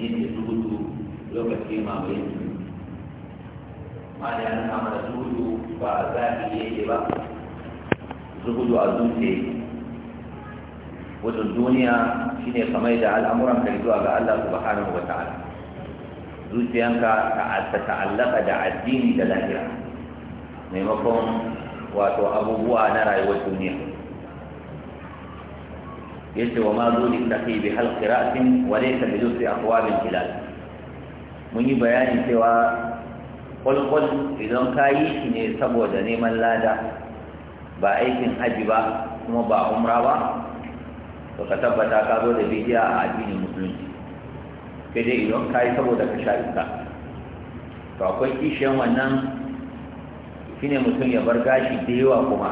yin da zuhudu lokacin mamayin su ma'ana yana kama da zuhudu ba a za yi yake ba zuhudu a zuciya wajen duniya shine kamar da al'amuran kai zuwa ga Allah subhanahu wa ta'ala zuciyanka ta ta'allaka da addini da lafiya maimakon wato abubuwa na rayuwar duniya yace wa ma zu lillahi bi halqi ra'sin wa laysa bi lutfi aqwabil hilal mun yi bayani cewa kwalkwal idan ka yi shi ne saboda neman lada ba aikin haji ba kuma ba umra ba to ka tabbata ka zo da bidiya a addinin musulunci sai dai idan ka yi saboda ka sha iska to akwai kishiyan wannan shine mutum ya bar gashi da yawa kuma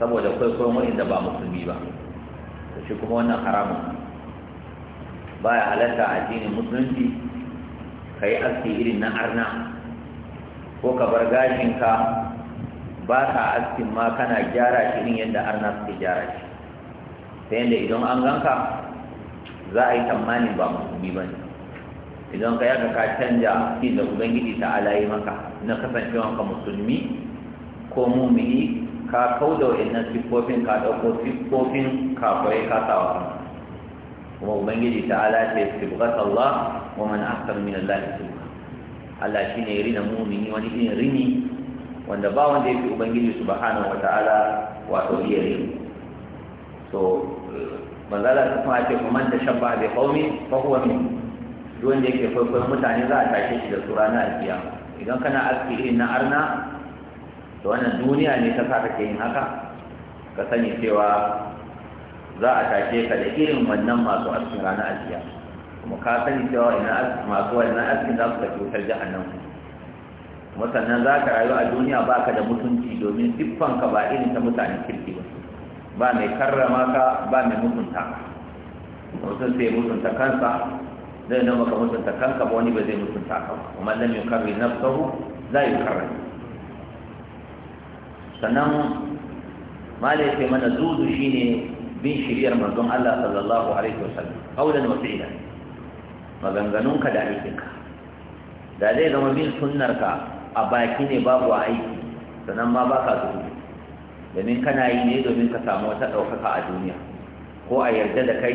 saboda kwaikwayon wa'inda ba musulmi ba ta ce kuma wannan haramun ya halatta addinin musulunci ka yi aski irin na arna ko ka bar gashinka ba ka askin ma kana gyara shi irin yadda arna suke gyara shi ta yadda idan an ganka za a yi tamanin ba musulmi ba ne idan ka yaga ka canja fi da ubangiji ta alayi maka na kasancewanka musulmi ko mumini ka kau da wa'annan siffofin ka ɗauko siffofin kafirai ka wa kuma ubangiji ta ala ce sibgat Allah wa man ahsan min Allah sibga Allah shine rina mu'mini wani irin rini wanda ba wanda yake ubangiji subhanahu wa wato iya rini so manzala ta kuma ce kuma da shabba bi qaumi fa huwa min duk wanda yake kwaikwayon mutane za a tashe shi da su na alkiyama idan kana aski irin na arna to wannan duniya ne ta sa ke yin haka ka sani cewa za a tashe ka da irin wannan masu askin ranar ajiya kuma ka sani cewa ina masu wannan askin za su tafi wutar jahannan kuma sannan za ka rayu a duniya ba ka da mutunci domin siffanka ba irin ta mutane kirki ba ba mai karrama ka ba mai mutunta mutum sai mutunta kansa zai nan ka mutunta kanka ba wani ba zai mutunta ka ba kuma lam yukarri nafsahu la yukarri sannan malai sai mana zuzu shi ne bin shiriyar manzon Allah sallallahu alaihi wasallam qaulan wa idan. maganganunka da aikinka da zai zama bin sunnarka a baki ne babu a aiki sannan ma baka zuzu domin kana yi ne domin ka samu wata ɗaukaka a duniya ko a yarda da kai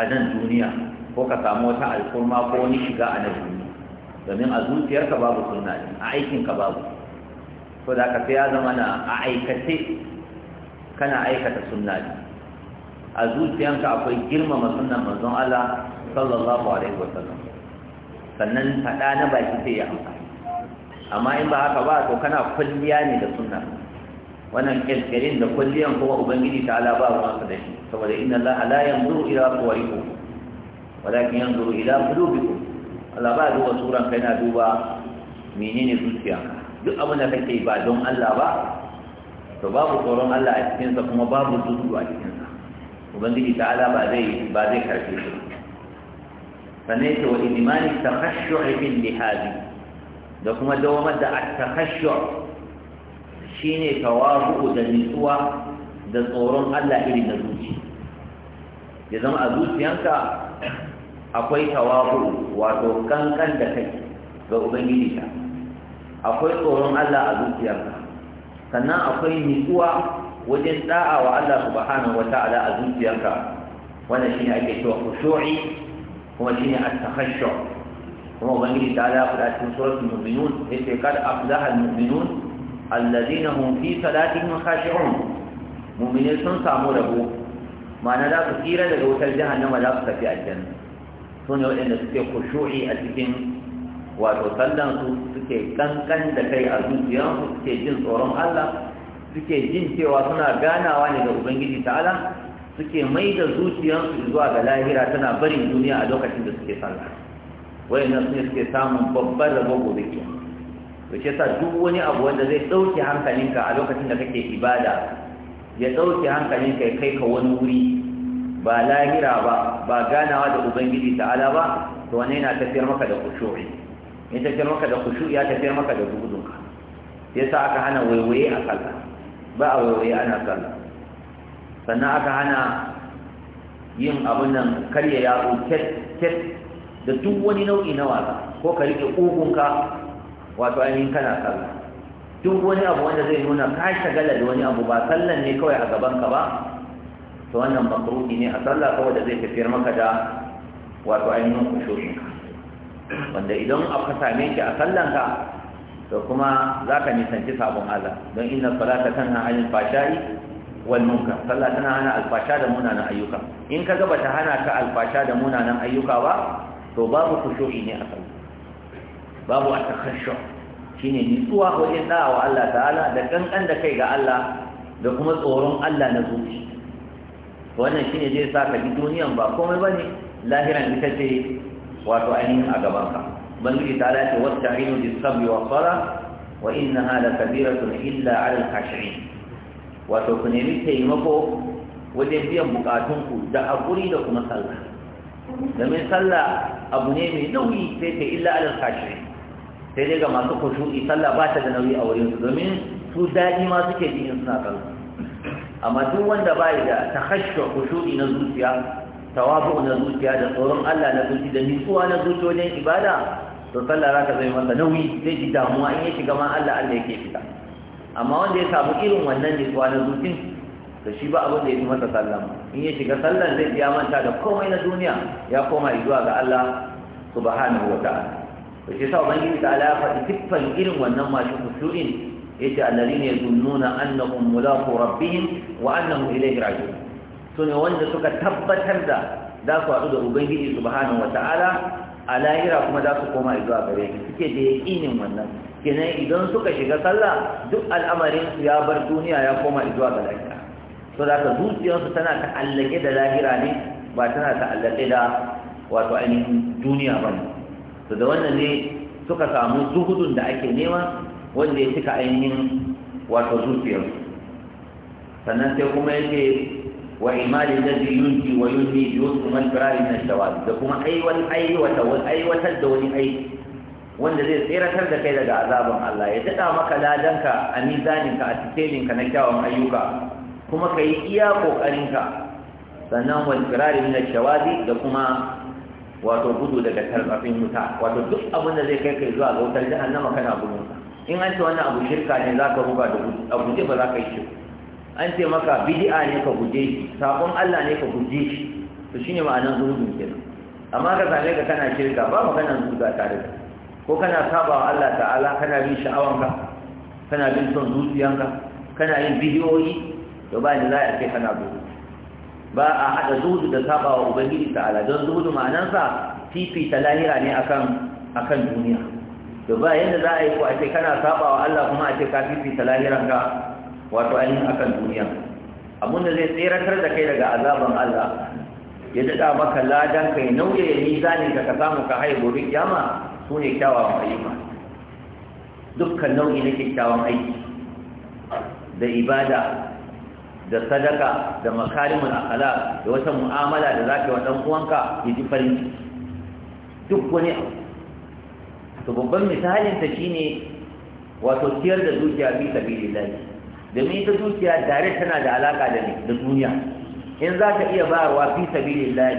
a nan duniya ko ka samu wata alkurma ko wani shiga a nan duniya domin a zuciyarka babu sunna a aikinka babu so da ka ya zama na a aikace kana aikata sunna ne a zuciyanka akwai girmama sunnan manzon Allah sallallahu alaihi wa sallam sannan faɗa na baki sai ya amfani amma in ba haka ba to kana kulliya ne da sunna wannan kirkirin da kulliyan kuma ubangiji ta ala ba ruwan da shi saboda inna Allah la yanzuru ila suwarikum walakin yanzuru ila qulubikum Allah ba duba suran kai na duba menene zuciyanka duk abin da kake ba don Allah ba to babu tsoron Allah a cikinsa kuma babu zuciya a cikinsa ubangiji ta'ala ba zai ba zai karfe shi sannan ta wa ta takhashshu'i bil lihazi da kuma dawamar da at-takhashshu' shine tawazu da nutsuwa da tsoron Allah irin na zuci ya zama a zuciyanka akwai tawazu wato kankan da kai ga ubangiji ta. akwai tsoron Allah a zuciyarka sannan akwai nutsuwa wajen da'a wa Allah subhanahu wata'ala a zuciyarka wannan shine ake cewa khushu'i kuma shine at-takhashshu kuma ubangiji ta ala fada cikin suratul mu'minun yace kad aflaha al-mu'minun alladhina hum fi salatihim khashi'un mu'minin sun samu rabo ma'ana za su tsira daga wutar jahannama za su tafi aljanna sune waɗanda suke khushu'i a cikin wato sallan su suke kankan da kai a zuciyarsu suke jin tsoron Allah suke jin cewa suna ganawa ne da ubangiji ta'ala suke mai da zuciyarsu zuwa ga lahira tana barin duniya a lokacin da suke sallah wayannan na suke samun babbar rabo gobe ke to shi yasa duk wani abu wanda zai dauke hankalinka a lokacin da kake ibada ya dauke hankalinka ya kai ka wani wuri ba lahira ba ba ganawa da ubangiji ta'ala ba to wannan yana tafiyar maka da kushuri in tafiyar maka da kushu ya tafiyar maka da gudunka sa aka hana waiwaye a kalla ba a waiwaye ana kalla sannan aka hana yin abin nan karya yatsu ket da duk wani nau'i na wasa ko ka rike ƙugunka wato ainihin kana kalla duk wani abu wanda zai nuna ka shagala da wani abu ba sallan ne kawai a gabanka ba to wannan makruhi ne a sallah kawai da zai tafiyar maka da wato ainihin kushoyinka wanda idan aka same shi a sallanka to kuma za ka nisanci sabon Allah don inna salata tana anil fashai wal munkar sallah tana hana alfasha da munanan ayyuka in ka ga bata hana ka alfasha da munanan ayyuka ba to babu khushu'i ne a sallah babu atakhashu shine nutsuwa wajen da'a wa Allah ta'ala da kankan da kai ga Allah da kuma tsoron Allah na zuci wannan shine zai sa ka ji duniyan ba komai bane lahiran ita ce wato ainihin a gabanka ubangiji ta dace wata ainihin disabri wa fara wa inna hala kabiratun illa alal kashirin wato ku nemi taimako wajen biyan bukatunku da haƙuri da kuma sallah domin sallah abu ne mai nauyi sai ta illa alal kashirin sai dai ga masu kushu'i sallah ba ta da nauyi a wurinsu domin su daɗi ma suke jin suna sallah amma duk wanda ya da ta hashe kushu'i na zuciya tawazu na zuciya da tsoron Allah na zuci da nutsuwa na zuci ne ibada to sallah za ka zai masa nauyi zai ji damuwa in ya shiga ma Allah Allah yake fita amma wanda ya samu irin wannan nutsuwa na zuci to shi ba abin da ya fi masa sallah in ya shiga sallah zai ya manta da komai na duniya ya koma zuwa ga Allah subhanahu wa ta'ala to shi sa ubangiji ta ala faɗi tiffan irin wannan masu kusurin yace alladhina yazunnuna annahum mulaqu rabbihim wa annahum ilayhi raji'un su ne wanda suka tabbatar da za su haɗu da ubangiji subhanahu wata'ala a lahira kuma za su koma zuwa gare shi suke da yaƙinin wannan kenan idan suka shiga sallah duk al'amarin su ya bar duniya ya koma zuwa ga lahira so za ka zuciyarsu tana ta'allake da lahira ne ba tana ta'allake da wato ainihin duniya ba ne So da wannan ne suka samu zuhudun da ake nema wanda ya cika ainihin wato zuciyarsu sannan sai kuma yake وإعمال الذي ينجي وينهي بوصف الفرار من الشواذ ده أي والأي والأي وتد والأي wanda zai tseratar da kai daga azabin Allah ya daɗa maka ladanka a mizaninka a titelinka na kyawun ayyuka kuma ka yi iya ƙoƙarinka sannan wani firari na shawazi da kuma wato gudu daga tarbafin wuta wato duk abin da zai kai kai zuwa ga wutar jahannama kana gudunsa in an ce wannan abu shirka ne za ka ruga da gudu a guje ba za ka yi shirka an ce maka bid'a ne ka guje shi sakon Allah ne ka guje shi to shine ma'anar zuhudin kenan amma ka same ka kana shirka ba maganar zuhuda tare da ko kana saba Allah ta'ala kana bin sha'awanka kana bin son zuciyanka kana yin bidiyoyi to ba ni za a ce kana zuhudu ba a hada zuhudu da saba wa ubangiji ta'ala don zuhudu ma'anarsa fifita lahira ne akan akan duniya to ba yanda za a yi ko a ce kana saba wa Allah kuma a ce ka fifita ka? wato ainihin akan duniya da zai tseratar da kai daga azaban Allah ya daɗa maka ladan kai nauyi ya mizanin ka ka samu ka haihu gobe kiyama su ne kyawawan ayyuka dukkan nau'i na kyakkyawan aiki da ibada da sadaka da makarimin akala da wata mu'amala da yi wa dan uwanka ya ji farin duk wani to babban misalin ta shine wato ciyar da dukiya bi sabilillah domin ita zuciya, dare tana da alaka da da duniya in za ka iya bayarwa fi sabilillah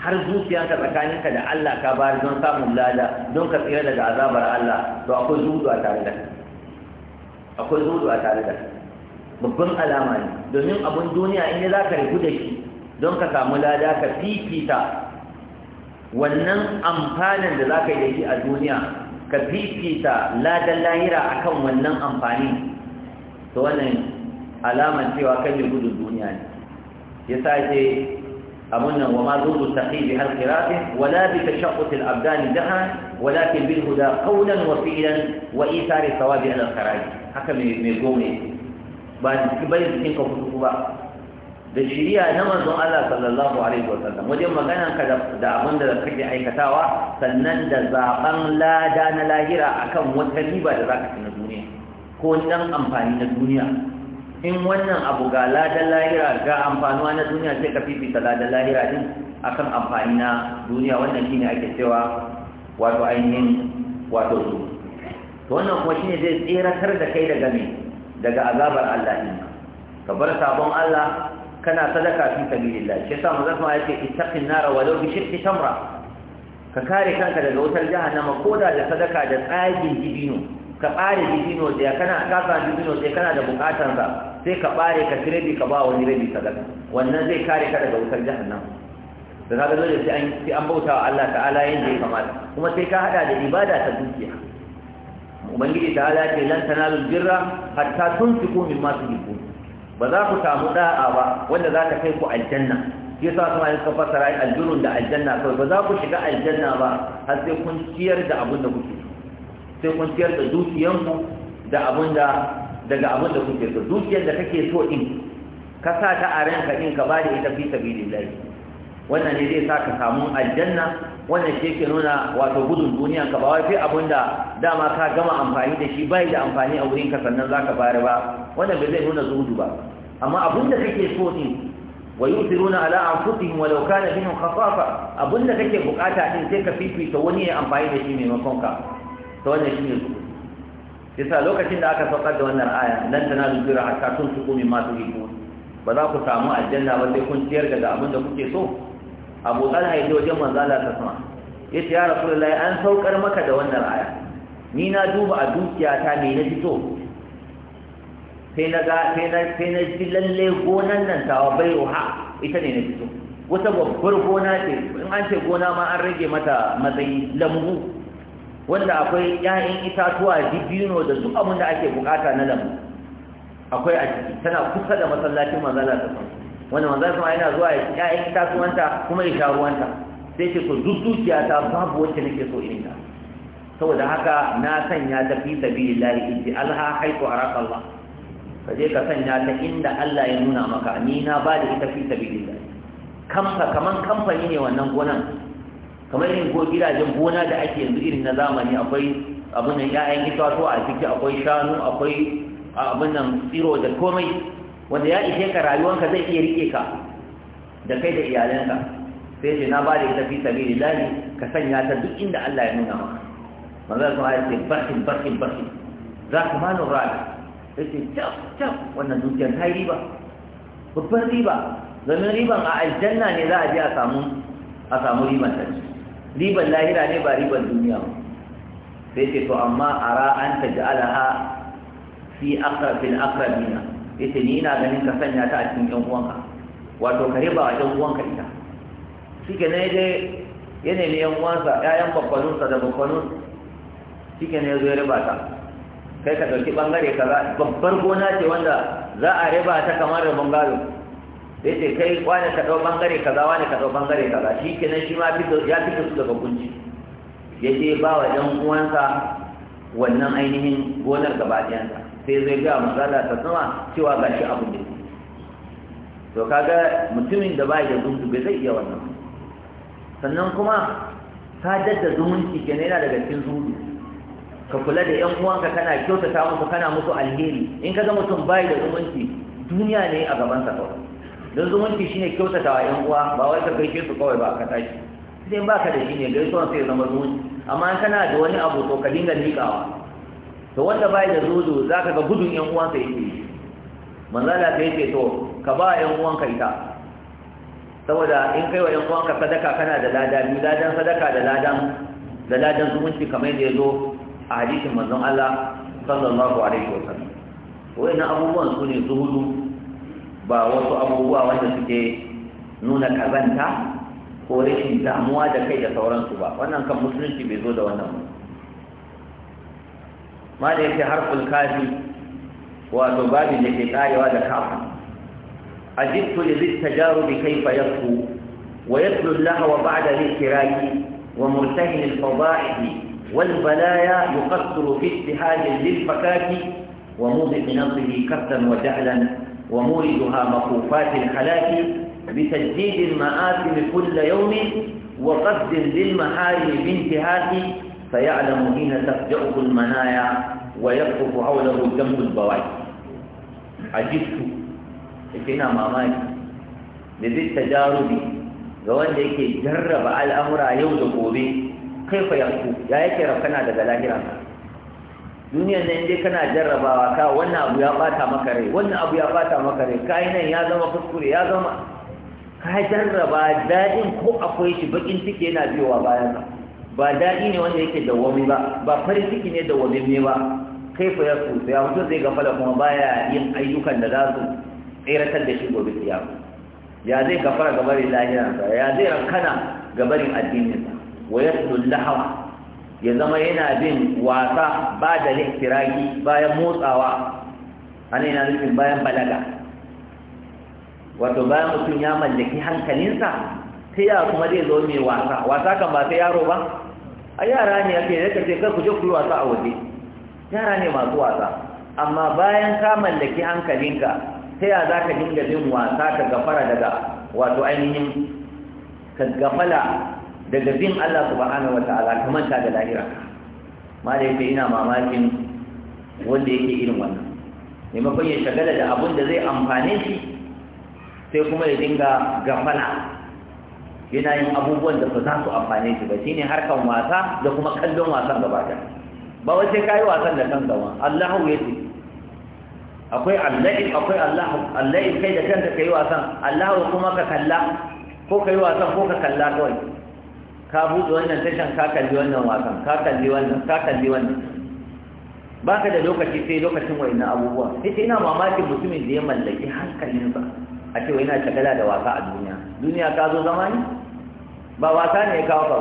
har zuciyarka tsakaninka da Allah ka bayar don samun lada don ka tsira daga azabar Allah to akwai zuhudu a tare da akwai zuhudu a tare da babban alama ne domin abun duniya in za ka rubu da shi don ka samu lada ka fifita wannan amfanin da za ka yi da shi a duniya ka fifita ladan lahira akan wannan amfanin to wannan alamar cewa kan yi gudun duniya ne ya sa ce abun nan wa ma zuzu taqi bi hal qira'atin wala bi tashaqqut al abdan daha walakin bil huda qawlan wa fi'lan wa ithari thawabi al kharaj haka me mai gome ba ki bai cikin ka kudu ba da shiriya na manzon Allah sallallahu alaihi wa sallam wajen magana ka da abin da kake aikatawa sannan da zaben lada na lahira akan wata riba da zaka ci na duniya ko dan amfani na duniya in wannan abu ga ladan lahira ga amfanuwa na duniya sai ka fifita ladan lahira din akan amfani na duniya wannan shine ake cewa wato ainihin wato su to wannan kuma shine zai tseratar da kai daga me daga azabar Allah din ka bar sabon Allah kana sadaka fi sabilillah shi yasa manzon Allah yake ittaqin nar law bi shirki tamra ka kare kanka daga wutar jahannama koda da sadaka da tsagin dibino ka bare dibino da kana ka sa dibino da kana da bukatar sa sai ka bare ka tirebi ka ba wani rabi ka wannan zai kare ka daga wutar jahannam da kaga dole sai an sai an wa Allah ta'ala yanda ya kamata kuma sai ka hada da ibada ta dukiya ubangiji ta ala ce lan tanalu birra hatta tunfiqu mimma tuhibbu ba za ku samu da'a ba wanda za ta kai ku aljanna shi yasa kuma yin kafa sarai aljurun da aljanna kawai ba za ku shiga aljanna ba har sai kun ciyar da abin da kuke sai kun ciyar da dukiyanku da abin da daga abin da kuke so dukiyar da kake so in ka sa ta a ranka in ka ba da ita fi sabilillahi wannan ne zai sa ka samu aljanna wannan shi yake nuna wato gudun duniya ka ba wai fi abin da dama ka gama amfani da shi bai da amfani a wurin ka sannan zaka bayar ba wannan bai zai nuna zuhudu ba amma abin da kake so din wa yusiruna ala anfusihim walau kana bihim khasafa abin da kake bukata din sai ka fifita wani ya amfani da shi maimakon ka ta wannan shi ne zuhudi yasa lokacin da aka saukar da wannan aya nan tana jira hatta sun suku min ma ba za ku samu aljanna ba sai kun ciyar da abin da kuke so abu talha ya wajen manzo Allah ta sama yace ya rasulullahi an saukar maka da wannan aya ni na duba a dukiyata me na fito sai na ga sai na sai na ji lalle gonan nan tawa bai ruha ita ne na fito wata babbar gona ce in an ce gona ma an rage mata matsayi lambu wanda akwai 'ya'yan itatuwa dibino da duk abin da ake bukata na lambu akwai a ciki tana kusa da masallacin manzala ta san wanda manzala sama yana zuwa 'ya'yan itatuwanta kuma ya sha ruwanta sai ce to duk dukiya ta babu wacce nake so irin ta saboda haka na sanya ta fi sabilillahi in ji alha haitu araka Allah ka je ka sanya ta inda Allah ya nuna maka ni na ba da ita fi sabilillahi kamfa kaman kamfani ne wannan gonan kamar yin ko gidajen gona da ake yanzu irin na zamani akwai abin nan ya'yan itatuwa a ciki akwai shanu akwai abin nan tsiro da komai wanda ya ishe ka rayuwanka zai iya rike ka da kai da iyalanka sai ce na ba da ita fi sabili lahi ka sanya ta duk inda Allah ya nuna maka manzon kuma ya ce bakin bakin bakin za ka ma nura da ya ce cap cap wannan dukiyar ta yi riba babban riba domin riban a aljanna ne za a je a samu a samu riban ta ce riban lahira ne ba riban duniya ba sai ce to amma ara an alaha fi aqrabil ya ce ni ina ganin ka sanya ta a cikin yan uwanka wato ka riba a yan uwanka ita ke na dai ya nemi yan uwansa 'ya'yan babbanunsa da babbanun shike ya zo ya riba ta kai ka ɗauki ɓangare ka za babbar gona ce wanda za a riba ta kamar da bangaro sai ce kai wani ka ɗau ɓangare kaza wani ka ɗau ɓangare kaza shi shi ma fito ya fito su daga kunci ya je ba wa ɗan uwansa wannan ainihin gonar gaba ɗayansa sai zai ga matsala ta sama cewa ga shi abu ne to kaga mutumin da ba da zuntu bai zai iya wannan sannan kuma sadar da zumunci kenan yana daga cikin zuntu ka kula da ƴan uwanka kana kyautata musu kana musu alheri in ka ga mutum bai da zumunci duniya ne a gaban sa kawai don zumunci shine kyautata wa yan uwa ba wai ka gaishe su kawai ba ka tashi sai ba ka da shi ne gaisuwan sai zama zumunci amma in kana da wani abu to ka dinga likawa to wanda bai da zuzu za ka ga gudun yan uwansa yake manzala ta yake to ka ba yan ka ita saboda in kai wa ‘yan ka sadaka kana da lada biyu ladan sadaka da ladan da ladan zumunci kamar yadda ya zo a hadisin manzon Allah sallallahu alaihi wasallam sallam wa'annan abubuwan su ne zuhudu ba wasu abubuwa wanda suke nuna kazanta ko rashin damuwa da kai da sauransu ba wannan kan musulunci bai zo da wannan ba ma da yake harfin kafi wato babin da ke karewa da kafin ajibtu li zid tajarubi kayfa yasfu wa yatlu al-lahwa ba'da al-iktiraki wa murtahin al-fada'ihi والبلايا يقصر في اجتهاد للفكاك وموضع نصه كثا وجعلا وموردها مخوفات الحلاك بتجديد المآثم كل يوم وقد للمحارم بانتهاك فيعلم حين تفجأه المنايا ويقف حوله جنب البواكي عجبت لكن mamaki da zai ta jarubi ga على الأمر jarraba al'amura yau da gobe kai fa yanku Duniya nan dai kana jarrabawa ka wannan abu ya bata maka rai wannan abu ya bata maka rai kai nan ya zama kuskure ya zama ka jarraba dadin ko akwai shi bakin ciki yana biyowa bayan ba dadi ne wanda yake wani ba ba farin ciki ne wani ne ba kai fa ya kusa ya mutum zai gafala kuma baya yin ayyukan da za su tseratar da shi gobe ya ya zai gafara gabarin lahiransa ya zai rankana gabarin addininsa wa yaslu lahawa ya zama yana bin wasa ba da laifiraki bayan motsawa ana yana nufin bayan balaga wato bayan mutum ya mallaki hankalinsa ta yara kuma zai zo mai wasa wasa kan ba ta yaro ba a yara ne ake yaka ce kar ku je ku yi wasa a waje yara ne masu wasa amma bayan ka mallaki hankalinka ta ya za ka dinga bin wasa ka gafara daga wato ainihin ka gafala daga bin Allah subhanahu wataala ka manta da lahira malai sai ina mamakin wanda yake irin wannan maimakon ya shagala da abun da zai amfane shi sai kuma ya dinga gafana. yana yin abubuwan da ba za su amfane shi ba shine harkar wasa da kuma kallon wasan gaba ɗaya ba wai sai kayi wasan da kanka ba Allahu ya ce akwai Allahi akwai Allahu Allahi kai da kanka kai wasan Allahu kuma ka kalla ko kai wasan ko ka kalla kawai ka buɗe wannan tashan ka kalli wannan wasan ka kalli wannan ka kalli wannan ba ka da lokaci sai lokacin waina abubuwa ita ina mamakin mutumin da ya mallaki ba a cewa ina shagala da wasa a duniya duniya ka zo zama ne ba wasa ne ya kawo ba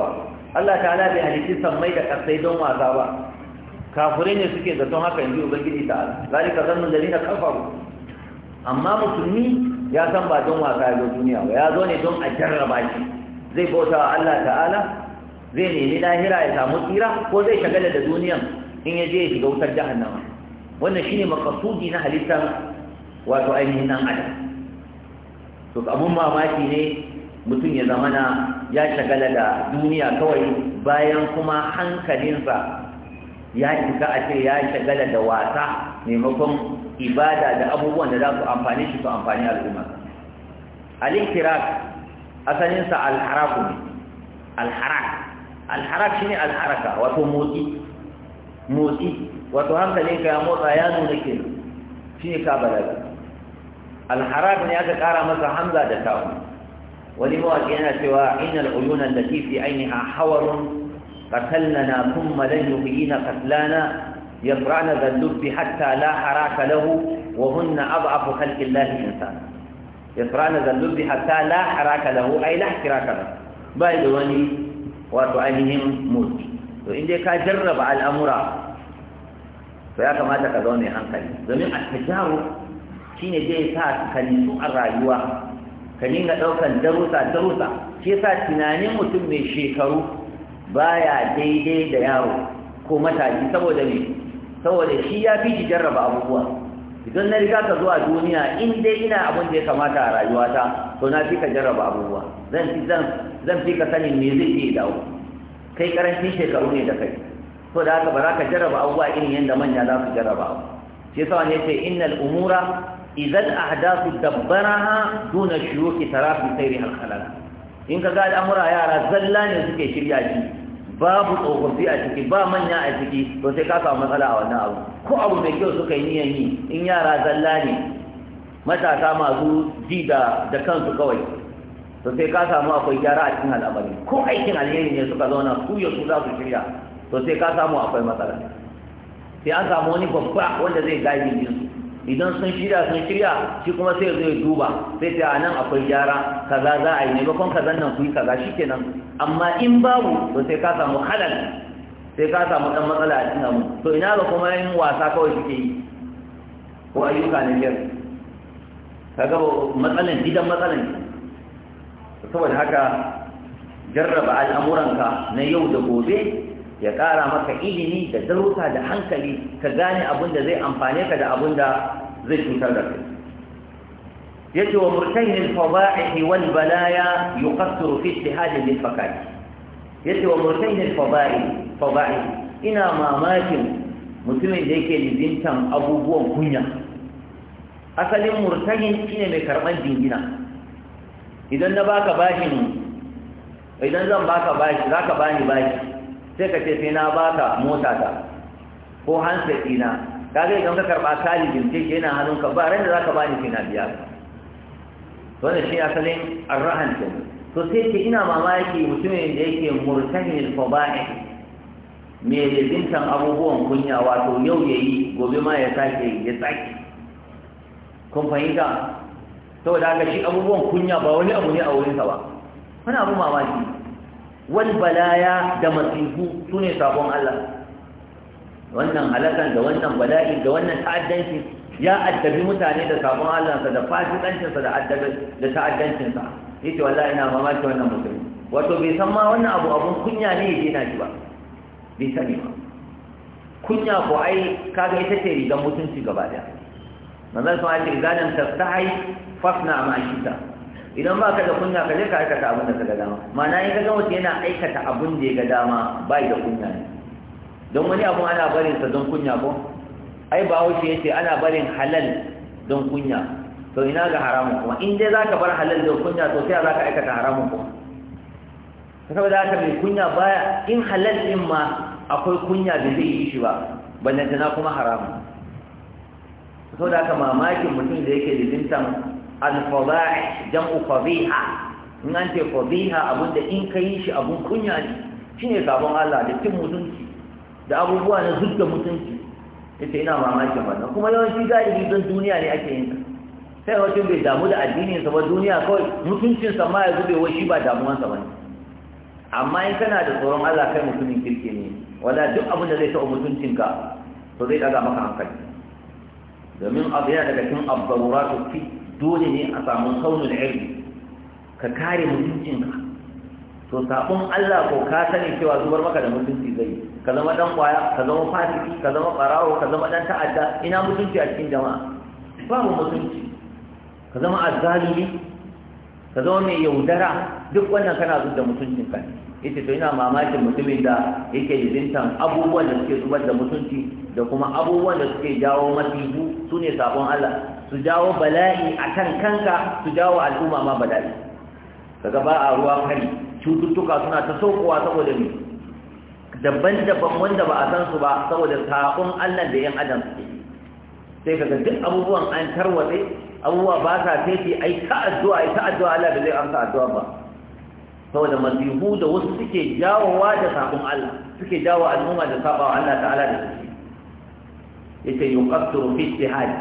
Allah ta'ala bai halitti sammai da kasai don wasa ba Kafure ne suke zaton haka in ji ubangiji ta'ala zalika zannun dalila kafaru amma musulmi ya san ba don wasa ya zo duniya ba ya zo ne don a jarraba shi zai bauta wa Allah ta'ala zai nemi lahira ya samu tsira ko zai shagala da duniyan in ya je ya shiga wutar jahannama wannan shine makasudi na halittar wato ainihin nan adam to abun mamaki ne mutum ya zamana ya shagala da duniya kawai bayan kuma hankalinsa ya isa a ce ya shagala da wasa maimakon ibada da abubuwan da za su amfani shi su amfani al'umma al Kirak. asalinsa alharaku ne alharak alharak shine alharaka wato motsi motsi wato hankalinka ya motsa ya nuna ke shine ka balaga alharak ne aka kara masa hamza da ta'u wani mawaƙi yana cewa innal uyuna allati fi ainiha hawarun qatalna thumma lan yuhyina qatlana يقرعن ذا اللب حتى لا حراك له وهن أضعف خلق lahi إنسانا yasrana zallubi hatta la haraka lahu ai la hiraka ba bai da wani wato ainihin mood to in dai ka jarraba al'amura to ya kamata ka zaune hankali domin a tajaru shine zai sa ka nisu a rayuwa ka dinga ɗaukan darusa darusa shi yasa tunanin mutum mai shekaru baya daidai da yaro ko matashi saboda me saboda shi ya fi jarraba abubuwa idan na riga ka a duniya in dai ina abin da ya kamata a rayuwata to na fi ka jarraba abubuwa zan fi zan zan fi ka sanin me zai iya dawo kai karancin shekaru ne da kai to da haka ba ka jarraba abubuwa irin yadda manya za su jarraba abu shi yasa wani yace innal umura idan ahdathu dabbaraha duna shuyuki tarafi sayri al khalal in ka ga al'amura yara zalla ne suke shirya shi babu tsofaffi a ciki ba manya a ciki to sai ka samu matsala a wannan abu ko abu mai kyau suka yi niyan yi in yara zalla ne matasa masu ji da da kansu kawai to sai ka samu akwai gyara a cikin al'amari ko aikin alheri ne suka zauna su ya su za su shirya to sai ka samu akwai matsala sai an samu wani babba wanda zai gaji jinsu idan sun shirya sun shirya shi kuma sai ya duba sai ta a nan akwai gyara kaza za a yi maimakon kaza nan yi kaza shi kenan amma in babu to sai ka samu halal sai ka samu ɗan matsala a cikin to ina ga kuma yin wasa kawai suke yi ko ayyuka na biyar ka ga matsalan gidan matsalan saboda haka jarraba al'amuranka na yau da gobe ya ƙara maka ilimi da zaruka da hankali ka gane abin da zai amfane ka da abin da zai cutar da kai ce wa murtahin al-fada'ihi wal balaya yuqassaru fi ijtihad al Ya ce wa murtahin al-fada'i fada'i ina mamakin mutumin da yake lizintan abubuwan kunya asalin murtahin shine mai karban dingina idan na baka bashin idan zan baka bashi zaka bani bashi sai ka ce sai na ba ka mota ta ko hansa ɗina kaga idan ka karɓa kali bince shi yana hannunka ba ran da za ka ba ni fina biya ka shi asalin arrahan ke to sai ke ina mamaki mutumin da yake murtahin faba'i da lizintan abubuwan kunya wato yau ya yi gobe ma ya sake ya sake kun fahimta saboda haka shi abubuwan kunya ba wani abu ne a wurinsa ba wani abu mamaki wal balaya da masifu sune sakon Allah wannan halakan da wannan bala'i da wannan ta'addanci ya addabi mutane da sakon Allah da fasikancinsa da addabi da ta'addancinsa yace wallahi ina mamaki wannan mutum wato bai san ma wannan abu abun kunya ne yake na shi ba bai sani ba kunya ko ai kaga ita ce rigan mutunci gaba daya manzon sun ce idan taftahi fasna ma shita idan ba ka da kunya ka je ka aikata abin da ka ga dama ma'ana in ka ga mutum yana aikata abin da ya ga dama ba da kunya ne don wani abu ana barin sa don kunya ko ai ba wuce yace ana barin halal don kunya to ina ga haramun kuma in dai zaka bar halal don kunya to sai zaka aikata haramun kuma da haka mai kunya baya in halal din ma akwai kunya da zai yi shi ba ballantana kuma haramun da aka mamakin mutum da yake lizintan al jam'u fadhiha in an ce fadhiha abin da in ka yi shi abun kunya ne shine sabon Allah da cin mutunci da abubuwa na zudda mutunci ita ina mamaki wannan kuma yawanci galibi don duniya ne ake yin sai wajen bai damu da sa ba duniya kawai mutuncinsa ma ya zube wa shi ba sa ba ne amma in kana da tsoron Allah kai mutumin kirki ne wala duk abin da zai taɓa mutuncinka to zai daga maka hankali domin abu yana daga cikin abdaruratu fi dole ne a samu kaunul ilmi ka kare mutuncinka to sabon Allah ko ka sani cewa zubar maka da mutunci zai ka zama dan kwaya ka zama fasiki ka zama barawo ka zama dan ta'adda ina mutunci a cikin jama'a babu mutunci ka zama azzalimi ka zama mai yaudara duk wannan kana zubar da mutuncin ka Ita to ina mamakin mutumin da yake zintan abubuwan da suke zubar da mutunci da kuma abubuwan da suke jawo masifu sune sabon Allah su jawo bala'i a kan kanka su jawo al'umma ma bala'i daga ba a ruwa kari cututtuka suna ta saukowa saboda ne daban-daban wanda ba a san su ba saboda saƙon allah da yan adam sai kaga duk abubuwan an tarwatse abubuwa ba sa taifi a yi ta addu'a a yi ta addu'a allah da zai amsa addu'a ba saboda masihu da wasu suke jawowa da saƙon allah suke jawo al'umma da sabawa allah ta'ala da suke yace yuqaddaru fi ijtihadi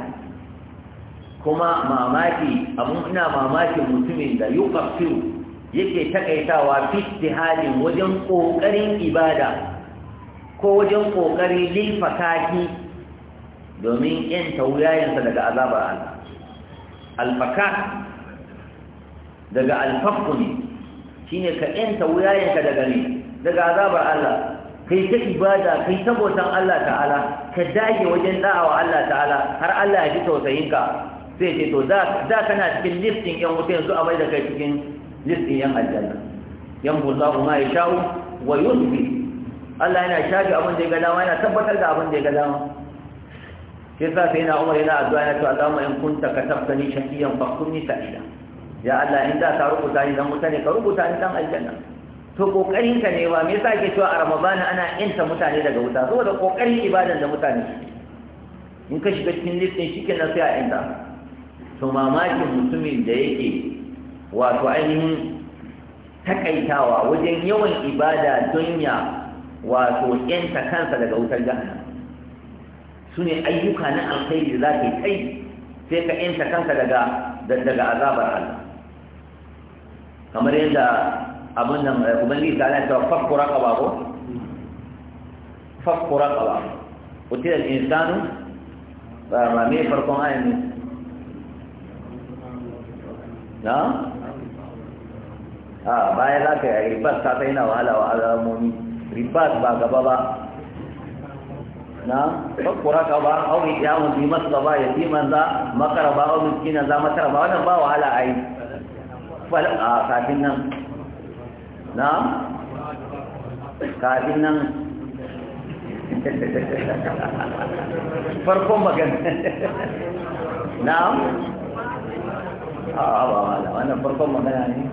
kuma mamaki abun ina mamakin mutumin da yuqaffiru yake takaitawa fi ijtihadin wajen ƙoƙarin ibada ko wajen kokari lil fakaki domin yan tauyayansa daga azabar Allah al-fakat daga al-fakku ne shine ka yan tauyayanka daga ne daga azabar Allah kai ta ibada kai sabotan Allah ta'ala ka dage wajen da'awa Allah ta'ala har Allah ya ji tausayinka sai ce to ka na cikin listin yan wuta yanzu a mai da kai cikin listin yan aljanna yan buza kuma ya sha'u wa yusbi Allah yana shafi abin da ya ga dama yana tabbatar da abin da ya ga dama sai sa sai na umar yana addu'a yana to Allahumma in kunta ka katabtani kunni ta ila ya Allah in da ka rubuta ni dan mutane ka rubuta ni dan aljanna to kokarin ka ne wa me yasa ke cewa a Ramadan ana inta mutane daga wuta saboda kokarin ibadan da mutane in ka shiga cikin listin shikenan sai a inda to mamakin mutumin da yake wato ainihin takaitawa wajen yawan ibada don ya wato yanta kansa daga wutar jahannam su ne ayyuka na alkhairi za ka yi kai sai ka yanta kansa daga daga azabar Allah kamar yadda abin nan ubangiji ta Allah ta fakku raqaba ko fakku raqaba utila al-insanu ma me farkon ayin na a baya za yi ribas ka na wahala wa alamomi ribas ba gaba ba na ka ba au iyamu bi masaba yatiman za makaraba za wannan ba wahala a kafin nan na kafin nan farkon magana na a ba wannan farkon magana ne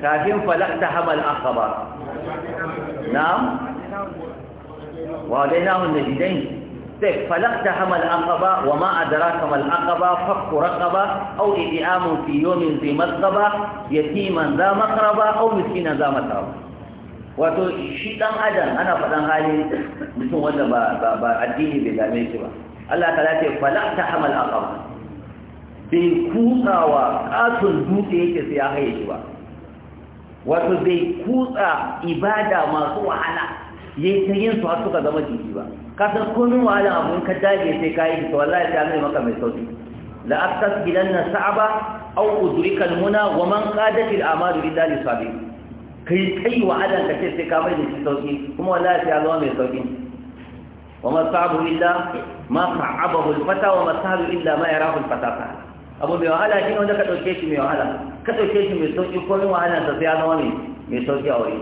kafin falakta hamal akaba na'am wa dainahu najidain sai falakta hamal akaba wa ma adraka mal akaba fakku raqaba aw i'amu fi yawmin fi masqaba yatiman za maqraba au miskinan za matraba wato shi dan adam ana fadan hali mutum wanda ba addini bai dame shi ba Allah ta lafiya falakta hamal akaba bai kutsawa katon dutse yake sai ya haye shi ba wato bai kutsa ibada masu wahala yayi ta yin su har suka zama jiki ba kasar komin wahala abun ka dage sai ka yi ta wallahi ta mai maka mai sauki la na sa'aba aw udrika almuna wa man qadat al'amalu illa lisabi kai kai wa adan ka sai ka mai da sauki kuma wallahi ta zama mai sauki wa ma sa'abu illa ma sa'abahu alfata wa ma sa'abu illa ma yarahu alfata abu mai wahala shi ne wanda ka ɗauke shi mai wahala ka ɗauke shi mai sauƙi ko min wahala ta sai ya zama mai mai sauƙi a wuri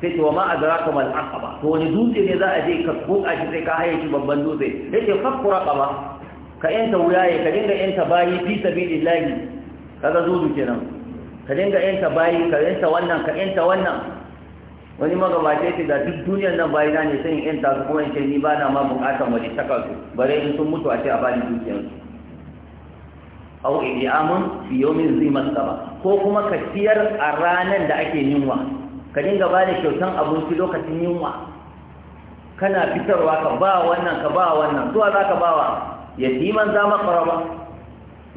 sai ce wa ma ka mal ba. to wani dutse ne za a je ka buka shi sai ka haye shi babban dutse yace fakku raqaba ka yanta wuyaye ka dinga yanta bayi fi ka ga zudu kenan ka dinga yanta bayi ka yanta wannan ka yanta wannan wani magabace ce da duk duniyar nan bayi na ne sai in yanta su kuma in ce ni ba na ma bukatar wani takar su bare in sun mutu a ce a bani dukiyarsu aw idiamun fi yawmin zima sabah ko kuma ka tiyar a ranar da ake yinwa? ka dinga ba da kyautan abinci lokacin yunwa kana fitarwa ka ba wannan ka ba wannan zuwa za ka ba wa yatiman za makaraba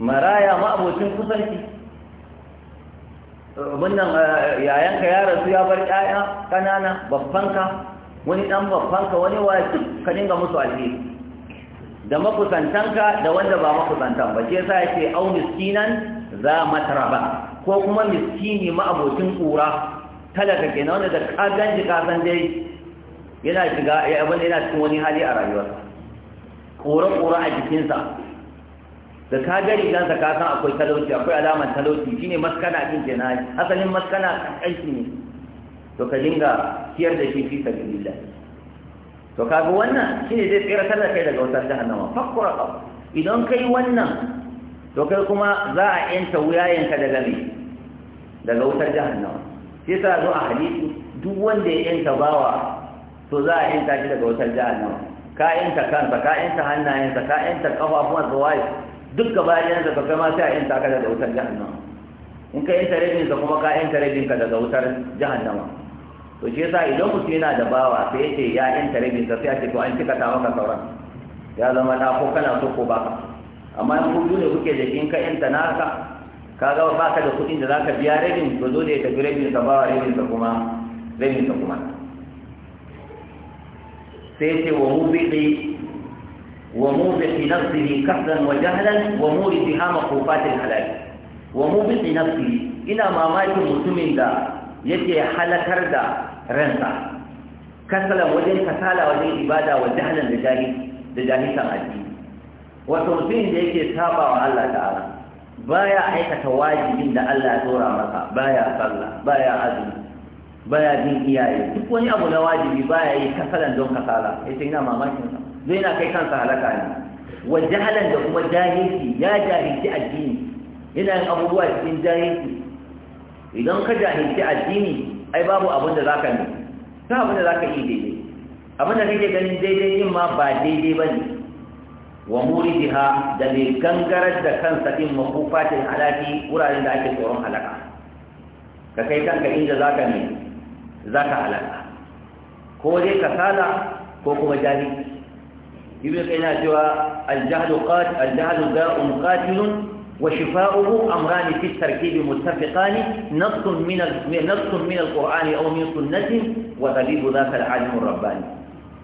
maraya ma abocin kusanci wannan eh, yayanka ya rasu ya bar ƴaƴa ƙanana babbanka wani ɗan babbanka wani wa ka dinga musu alheri da makusantanka da wanda ba makusantan ba ce sa ce au miskinan za matraba ko kuma miskini ma'abokin kura talaka kenan wanda da ka ganji ka dai yana shiga ya abin yana cikin wani hali a rayuwarsa kura-kura a jikinsa da ka ga rigansa ka san akwai talauci akwai alamar talauci shine maskana din kenan asalin maskana kankanci ne to ka dinga siyar da shi fi sabilillah to kaga wannan shine zai tsira da kai daga wutar jahannama fakkura ka idan kai wannan to kai kuma za a yanta wuyayenka daga me daga wutar jahannama sai sa zo a hadisi duk wanda ya yanta bawa to za a yanta shi daga wutar jahannama ka yanta kansa ka yanta hannayensa ka yanta kafafuwansa waye duk gaba ɗayansa to kai ma sai a yanta ka daga wutar jahannama in ka yanta rabinsa kuma ka yanta ka daga wutar jahannama to shi yasa idan mutum yana da bawa sai yace ya in tare sa sai a ce to an cika ta maka sauran ya zama na ko kana so ko baka amma in kun ne kuke da in ka in ta naka kaga baka da kuɗin da zaka biya rabin to dole ya tafi rabin sa bawa rabin sa kuma rabin ka kuma sai ce wa mubiqi wa mubiqi nafsihi kasdan wa jahlan wa murithi ha maqufatil halal wa mubiqi nafsihi ina mamakin mutumin da yake halakar da ransa kasalan wajen kasala wajen ibada wa jahalan da jahil da jahilsan addini wato mutumin da yake saba wa Allah ta'ala baya aikata wajibin da Allah ya tsora masa baya sallah baya azumi baya bin iyaye duk wani abu na wajibi baya yi kasalan don kasala yace ina mamakin sa zai na kai kansa halaka ne wa jahalan da kuma jahilci ya jahilci addini yana yin abubuwa cikin jahilci idan ka jahilci addini ai babu abin da zaka ne ta abin da zaka yi daidai abin da kake ganin daidai din ma ba daidai bane wa muridiha da mai gangarar da kansa din makufatin halaki wuraren da ake tsoron halaka ka kai kanka inda zaka ne zaka halaka ko dai ka sala ko kuma jahili ibn kayyim na cewa al-jahlu qatil al-jahlu da'un qatilun وشفاؤه أمران في التركيب متفقان نص من نص من القرآن أو من سنة وطبيب ذاك العالم الرباني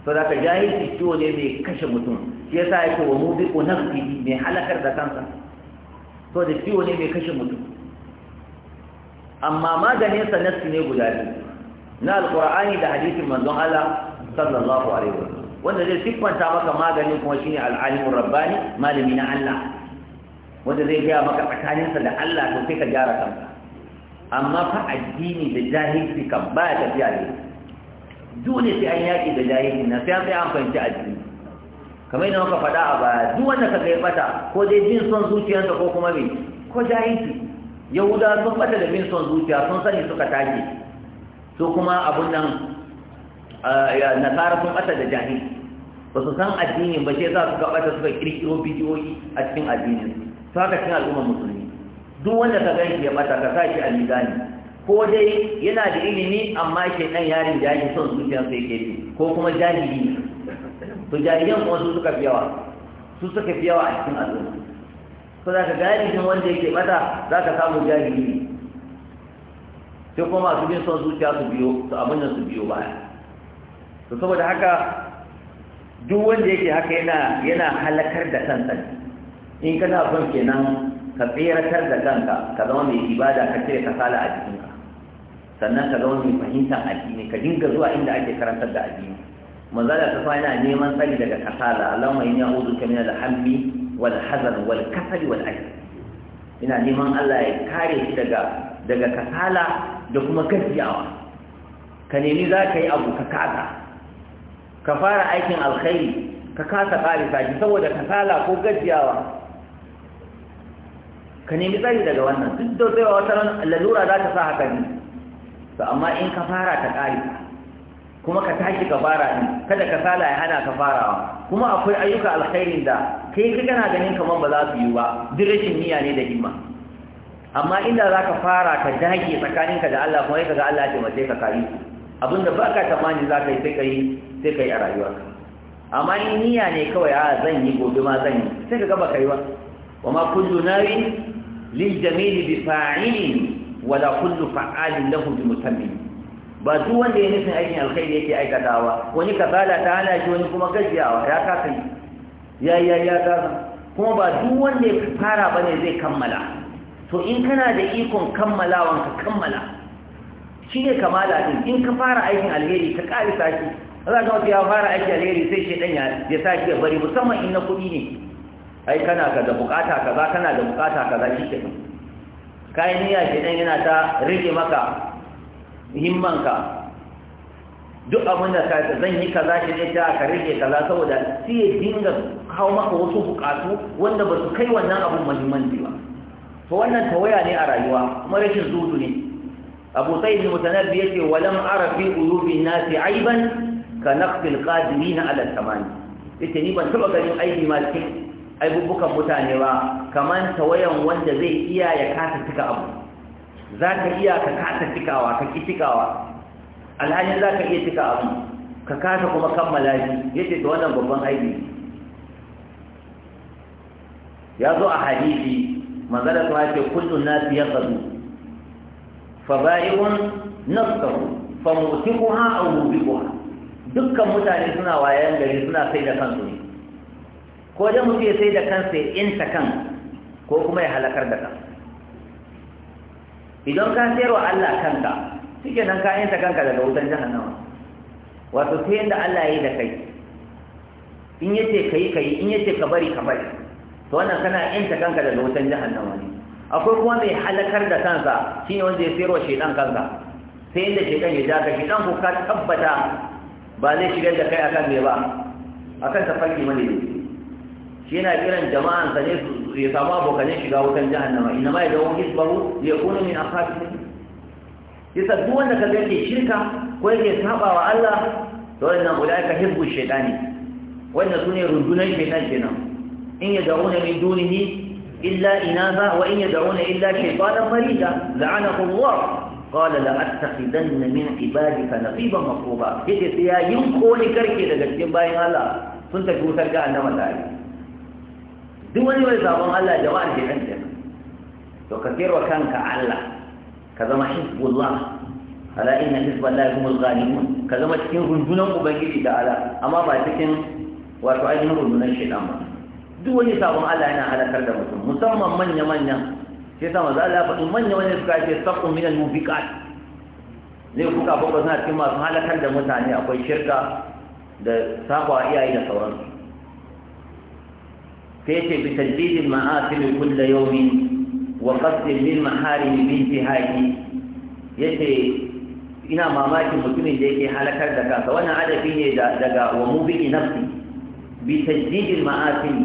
فذاك جاهل في الشؤون يمي كشمتون يسا يكو وموبق نفسه من حلقة ذاكانسا فذاك الشؤون يمي كشمتون أما ما دنيس نفس نيبولاري نا القرآن ده حديث من ذو الله صلى الله عليه وسلم وانا ذي سكوان تابك ما دنيكم وشيني العالم الرباني ما لمن الله wanda zai gaya maka tsakaninsa da Allah to sai ka gyara kanka amma fa addini da jahilci kan ba ya tafiya ne dole sai an yaƙi da jahilci na sai an sai an fahimci addini kamar yadda muka faɗa a baya duk wanda ka kai bata ko dai jin son zuciyarsa ko kuma me ko jahilci yahuda sun bata da bin son zuciya sun sani suka tashi su kuma abun nan nasara sun bata da jahilci ba su san addinin ba sai za su ga bata suka kirkiro bidiyoyi a cikin addinin to ka cin al'ummar musulmi duk wanda ka ganshi ya bata ka sashi a mizani ko dai yana da ilimi amma ke dan yarin jahi son zuciya sai ke ko kuma jahili to jahilan kuma su suka fi yawa su suka fi yawa a cikin al'umma ko za ka galibin wanda yake bata za ka samu jahili ne sai kuma masu bin son zuciya su biyo su abin nan su biyo baya to saboda haka duk wanda yake haka yana yana halakar da kansa in kana son kenan ka tseratar da kanka ka zama mai ibada ka cire kasala a jikinka sannan ka zama mai fahimtar addini ka dinga zuwa inda ake karantar da addini manzo da ta yana neman tsari daga kasala Allahumma inni a'udhu min al-hammi wal hazan wal kasal wal ajal ina neman Allah ya kare shi daga daga kasala da kuma gajiyawa ka nemi za ka yi abu ka kasa ka fara aikin alkhairi ka kasa ƙarisa saki saboda kasala ko gajiyawa ka nemi tsari daga wannan duk da tsayawa wata ran lalura za ta sa haka ne to amma in ka fara ta ƙari kuma ka tashi ka fara ne kada ka sala ya hana ka farawa kuma akwai ayyuka alkhairin da kai ka kana ganin kamar ba za su yi ba duk rashin niyya ne da himma amma inda za ka fara ka dage tsakaninka da Allah kuma ka ga Allah ya taimake ka kari abinda ba ka tamani za ka yi sai ka yi sai ka yi a rayuwarka amma in niyya ne kawai a zan yi gobe ma zan yi sai ka gaba ka yi ba wa ma kullu nawi liljamili bi fa'ili wala kullu fa'alin lahu bi mutammin ba duk wanda ya nufin aikin alkhairi yake aikatawa wani kasala ta hana shi wani kuma gajiyawa ya kasa ya ya ya kasa kuma ba duk wanda ya fara bane zai kammala to in kana da ikon kammalawan ka kammala shi ne kamala din in ka fara aikin alheri ka karisa shi za ka wata ya fara aikin alheri sai shi ya ya sa shi ya bari musamman in na kuɗi ne ai kana ka da bukata kaza kana da bukata kaza shike kai niyya dan yana ta rike maka himmanka duk abin da zan yi kaza shi ne ta ka rike kaza saboda sai ya dinga kawo maka wasu bukatu wanda ba su kai wannan abun muhimmanci ba to wannan tawaya ne a rayuwa kuma rashin zuzu ne abu sayyid mutanabbi yace walam ara fi qulubi nasi aiban ka naqbil qadirin ala tamani yace ni ban taba ganin aibi ma cikin aibubukan mutane ba kamar wayan wanda zai iya ya kasa cika abu za ka iya ka kasa cikawa ka ki cikawa alhali za ka iya cika abu ka kasa kuma kammala shi ya ce wannan babban aiki ya zo a hadisi manzara ta ce kullum na fiye gado fa ba'i'un nafsahu fa mutikuha aw mubiquha dukkan mutane suna wayan gari suna sai da kansu ne ko dai mutum ya sai da kansa ya inta kan ko kuma ya halakar da kan idan ka sayar wa Allah kanka suke nan ka inta kanka daga wutan jahannama wato sai da Allah ya yi da kai in yace kai kai in yace ka bari ka bari to wannan kana inta kanka daga wutan jahannama ne akwai kuma mai halakar da kansa shine wanda ya sayar wa shedan kansa sai inda shedan ya ja ka shedan ko ka tabbata ba zai shigar da kai akan me ba akan tafarki mana ne shi yana kiran jama'an sa ne su ya samu abokanin shiga wutan jahannama inna ma yadawu hisbahu li kuna min akhasihim yasa duk wanda ka ga yake shirka ko yake saba wa Allah to wannan ulaika hizbu shaytani wannan sune rundunar shaytan kenan in ya yad'una min dunihi illa inaba wa in ya dawo ne illa shaytanan marida la'anahu Allah قال لأتخذن من عبادك نصيبا مفروضا يجي سيا ينكو لكركي daga cikin bayin Allah sun tafi wutar ga annabi Allah duk wani mai sabon Allah jama'ar ke kan kenan to ka wa kanka Allah ka zama hizbullah ala inna hizballahi humul ghalibun ka zama cikin rundunar ubangiji da ala amma ba cikin wato ainihin rundunar shaitan ba duk wani sabon Allah yana halakar da mutum musamman manya manya sai sa maza Allah faɗi manya manya suka ce sakun minal mubiqat ne kuka bakwai suna cikin masu halakar da mutane akwai shirka da sabawa iyaye da sauransu فيتي بتجديد المآثم كل يوم وقصد للمحارم بانتهاكه yace ina mamakin mutumin da yake halakar da kansa wannan adabi ne daga wa mubiki nafsi bi tajdidil ma'asin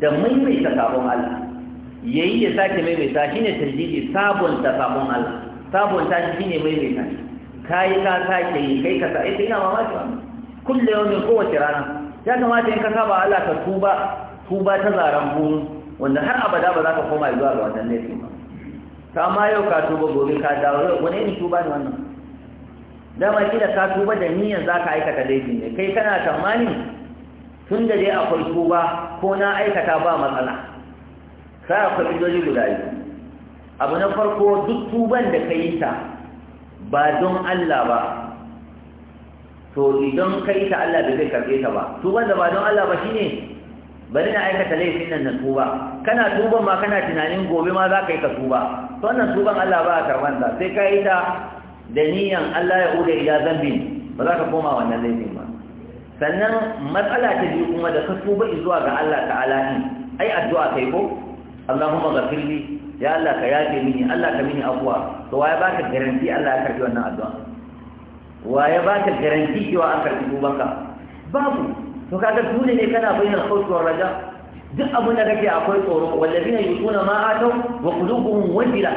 da maimaita Allah yayi ya sake maimaita shi ne sabon sabonta sabon Allah Sabonta shi ne maimaita kai ka sake yi kai ka sai ina mamaki kullu yawmin kowace rana ya kamata in ka saba Allah ka tuba tuba ta zaren bunu wanda har abada ba za ka koma zuwa ga wannan laifin ba ta ma yau ka tuba gobe ka dawo wani irin tuba ne wannan dama kila ka tuba da niyyar za ka aikata laifin ne kai kana tamani tun da dai akwai tuba ko na aikata ba matsala sai akwai bidoji guda biyu abu na farko duk tuban da ka yi ta ba don Allah ba to idan ka yi ta Allah bai zai karɓe ta ba tuban da ba don Allah ba shine bari na aikata laifin nan na tuba kana tuban ma kana tunanin gobe ma za ka yi ka tuba to wannan tuban Allah ba karban karbansa sai ka yi ta da niyan Allah ya uda ila zambi ba za ka koma wannan laifin ba sannan matsala ta biyu kuma da ka tuba zuwa ga Allah ta'ala ne ai addu'a kai ko Allahumma ghafir li ya Allah ka yafe mini Allah ka mini afwa to waye baka garanti Allah ya karbi wannan addu'a waye baka garanti cewa an karbi tubanka babu to kaga dole ne kana bayyana khawfi wa raja duk abin da kake akwai tsoro wallazina yutuna ma atau wa qulubuhum wajila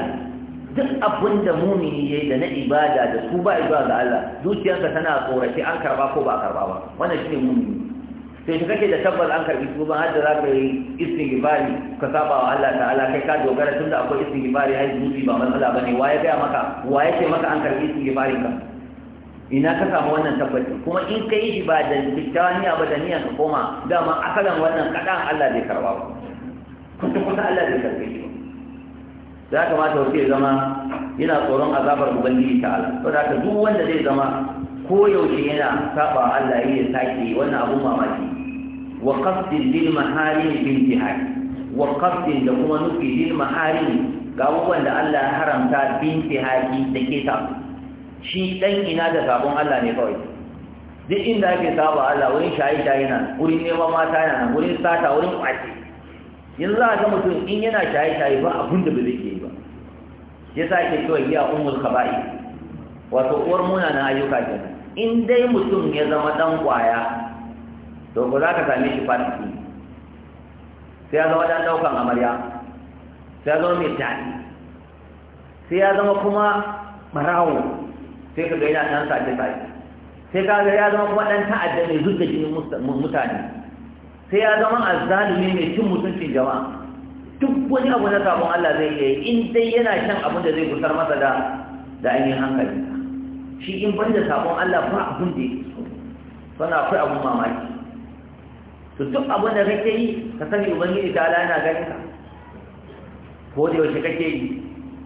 duk abin da mumini yayi da na ibada da su ba zuwa ga Allah zuciyarsa tana tsorace an karba ko ba karba ba wannan shine mumini sai shi kake da tabbas an karbi su ba har da zaka yi istighfari ka saba wa Allah ta'ala kai ka dogara tunda akwai istighfari har zuci ba matsala bane ya ga maka waye ce maka an karbi istighfarin ka ina ka samu wannan tabbaci kuma in ka yi shi ba da kyakkyawan niyya ba da niyya ka koma dama asalan wannan kaɗan Allah zai karɓa ba kusa kusa Allah zai karɓe shi ya kamata wasu ya zama yana tsoron azabar ubangiji ta'ala za da duk wanda zai zama ko yaushe yana saba Allah ya sake wannan abun mamaki wa qasdin lil maharim bil jihad wa qasdin da kuma nufi lil maharim ga abubuwan da Allah ya haramta bin jihadi da ke tafi shi ɗan ina da sabon Allah ne kawai duk inda ake saba Allah wurin shaye-shaye na wurin neman mata yana wurin sata wurin ƙwace yanzu za a ga mutum in yana shaye-shaye ba abin da ba zai yi ba ya sa ke cewa yi a umar kaba'i wato uwar munanan ayyuka ke in dai mutum ya zama ɗan ƙwaya to ku za ka same shi fasiki sai ya zama ɗan ɗaukan amarya sai ya zama mai daɗi sai ya zama kuma marawo sai ka ga yana ɗan sace sace sai ka ga ya zama kuma ɗan ta'adda mai zubda jinin mutane sai ya zama azzalumi mai cin mutuncin jama'a duk wani abu na sabon Allah zai iya in dai yana shan abin da zai gusar masa da da ainihin hankali shi in ban da sabon Allah ba abin da yake so sana akwai abin mamaki to duk abin da kake yi ka sani ubangiji ta Allah yana ganin ka ko da yaushe kake yi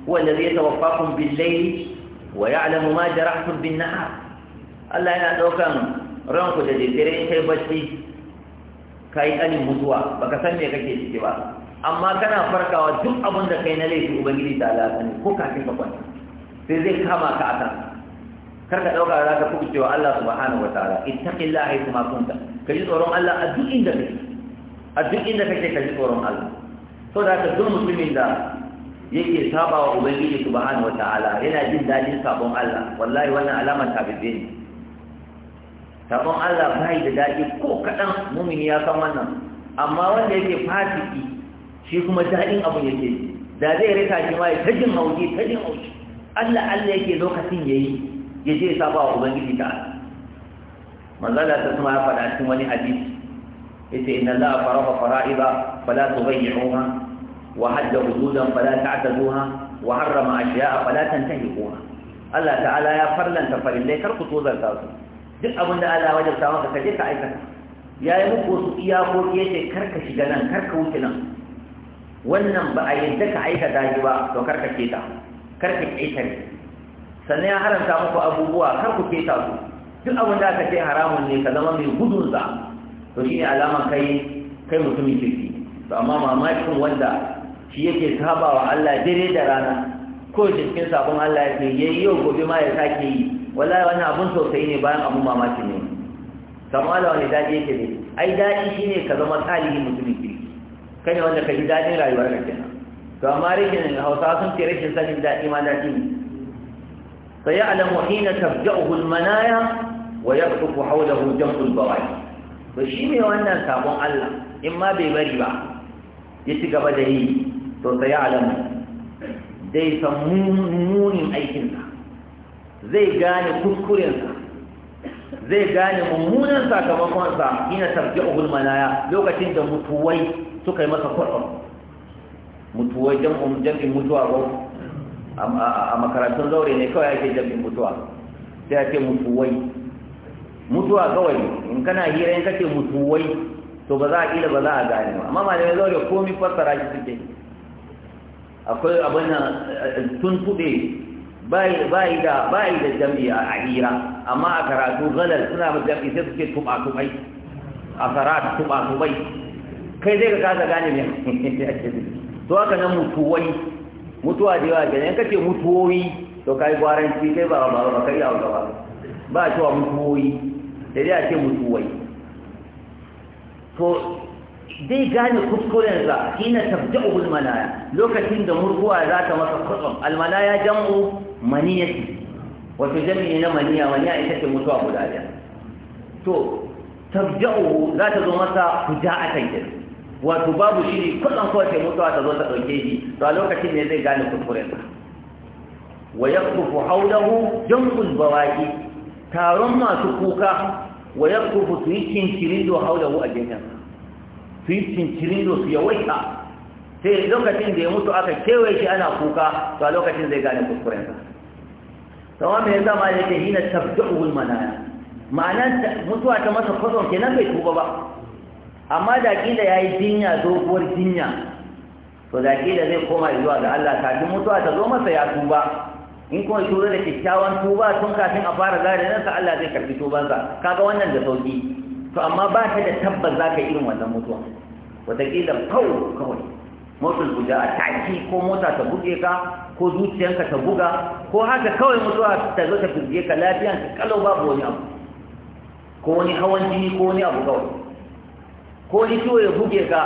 wanda zai tawaffakum bil layli wa ya'lamu ma jarahtum bin nahar Allah yana daukan ranku da dare in kai bacci kai kanin mutuwa baka san me kake ciki ba amma kana farkawa duk abin da kai na laifi ubangiji ta Allah sani ko kafin ka kwanta sai zai kama ka akan kar ka dauka za ka kuɓuce wa Allah subhanahu wataala ittaqillaha haythu ma kunta kaji tsoron Allah a duk inda kake a duk inda kake kaji tsoron Allah so da ka duk musulmin da yake saba wa ubangiji subhanahu wataala yana jin dadin sabon Allah wallahi wannan alama ta tabibe ne sabon Allah bai da dadi ko kadan mumini ya san wannan amma wanda yake fasiki shi kuma dadin abu yake da zai rika shi ta ya tajin ta tajin hauji Allah Allah yake lokacin yayi yaje saba wa ubangiji ta manzala ta kuma ya faɗa cikin wani hadisi yace inna Allah faraha fara'ida fala tubayyi'uha وحد حدودا فلا تعتدوها وحرم أشياء فلا تنتهكوها Allah ta'ala ya farlanta farillai kar ku tozarta su duk abin da Allah wajen ta maka kaje ka aikata ya yi muku wasu iyakoki ya ce kar ka shiga nan kar ka wuce nan wannan ba a yadda ka aikata shi ba to kar ka keta kar ka ne. sannan ya haramta muku abubuwa kar ku keta su duk abin da aka ce haramun ne ka zama mai gudun gudunsa to shi ne alaman kai kai mutumin kirki to amma mamakin wanda shi yake saba wa Allah dare da rana ko jikin sabon Allah yake yi yau gobe ma ya sake yi wallahi wannan abun sosai ne bayan abun mamaki ne kamar da wani daɗi yake ne ai daɗi shine ka zama salihin mutumin kirki kai ne wanda ka ji daɗin rayuwar ka kenan to amma rikin hausa sun ce rashin sanin daɗi ma daɗi ne sai ya alamu hina tabja'uhu almanaya wa yaqtufu hawlahu jam'ul bawai to shi ne wannan sabon Allah in ma bai bari ba ya gaba da yi to sai alamu zai san munin aikinsa zai gane kuskurensa zai gane mummunan sakamakonsa ina tarji'ul malaya lokacin da mutuwai suka yi masa kwatsam mutuwai jam'in mutuwa ba a makarantun zaure ne kawai ake jam'in mutuwa sai ake mutuwai mutuwa kawai in kana hira in kake mutuwai to ba za a ƙila ba za a gane ba amma malamai zaure komi fassara shi suke akwai abin tun tuntuɓe bai da bai da jam'i a ahira amma a karatu galal suna da jam'i sai suke tuba tubai a karatu tuba tubai kai zai ka kasa gane ne to haka nan mutuwai mutuwa da yawa kenan in kace mutuwoyi to kai gwaranci sai ba ba ba kai yawo gaba ba cewa mutuwoyi da dai a ce mutuwai to zai gane kuskurensa hina tabda'u almalaya lokacin da murguwa za ta masa kutsum almalaya jam'u maniyati wato jami'i na maniya maniya ita ce mutuwa guda biyar to tabda'u za ta zo masa fuja'atan kenan wato babu shi ne kullum kawai sai mutuwa ta zo ta ɗauke shi to a lokacin ne zai gane kuskurensa wa yaktufu haulahu jam'ul bawaki taron masu kuka wa kufu su yi cincirindo haulahu a gefen su yi cincirindo su yawaita sai lokacin da ya mutu aka kewaye shi ana kuka to a lokacin zai gane kuskurensa sama mai zama ne ke hina tabda'uhul manaya ma'anar mutuwa ta masa kwazon kenan bai tuba ba amma da kila ya yi jinya doguwar jinya to da kila zai koma zuwa ga Allah kafin mutuwa ta zo masa ya tuba in kuma tura da kyakkyawan tuba tun kafin a fara gare nan Allah zai karbi tubansa kaga wannan da sauki to amma ba ta da tabbas za ka irin wannan mutuwa wataƙila kawo kawai motar guda a taki ko mota ta buge ka ko zuciyanka ta buga ko haka kawai mutuwa ta zo ta fizge ka lafiyan ka kalau babu wani abu ko wani hawan jini ko wani abu kawai ko wani ciwo ya buge ka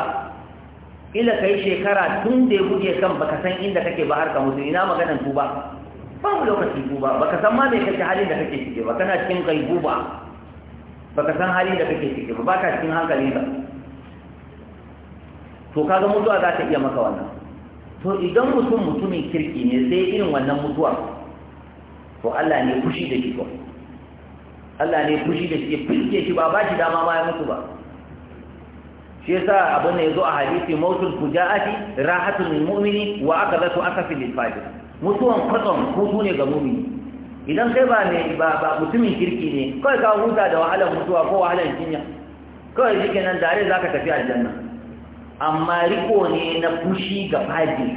ila yi shekara tun da ya buge kan baka san inda kake ba har ka mutu ina maganan tuba babu lokaci tuba baka san ma me kake halin da kake cike ba kana cikin ba. baka san hali da kake ciki ba baka cikin hankali ba to kaga mutuwa za ta iya maka wannan to idan mutum mutumin kirki ne sai irin wannan mutuwa to Allah ne fushi da shi ko Allah ne fushi da shi fuske shi ba ba shi dama ma ya mutu ba shi yasa abin da yazo a hadisi mautul fujaati rahatul mu'mini wa akadatu akafi lil fajir mutuwan kwatsam hutu ne ga mu'mini idan kai ba ne ba mutumin kirki ne kawai ka huta da wahalar mutuwa ko wahalar jinya kawai shi kenan tare za tafi aljanna amma riko ne na fushi ga fadi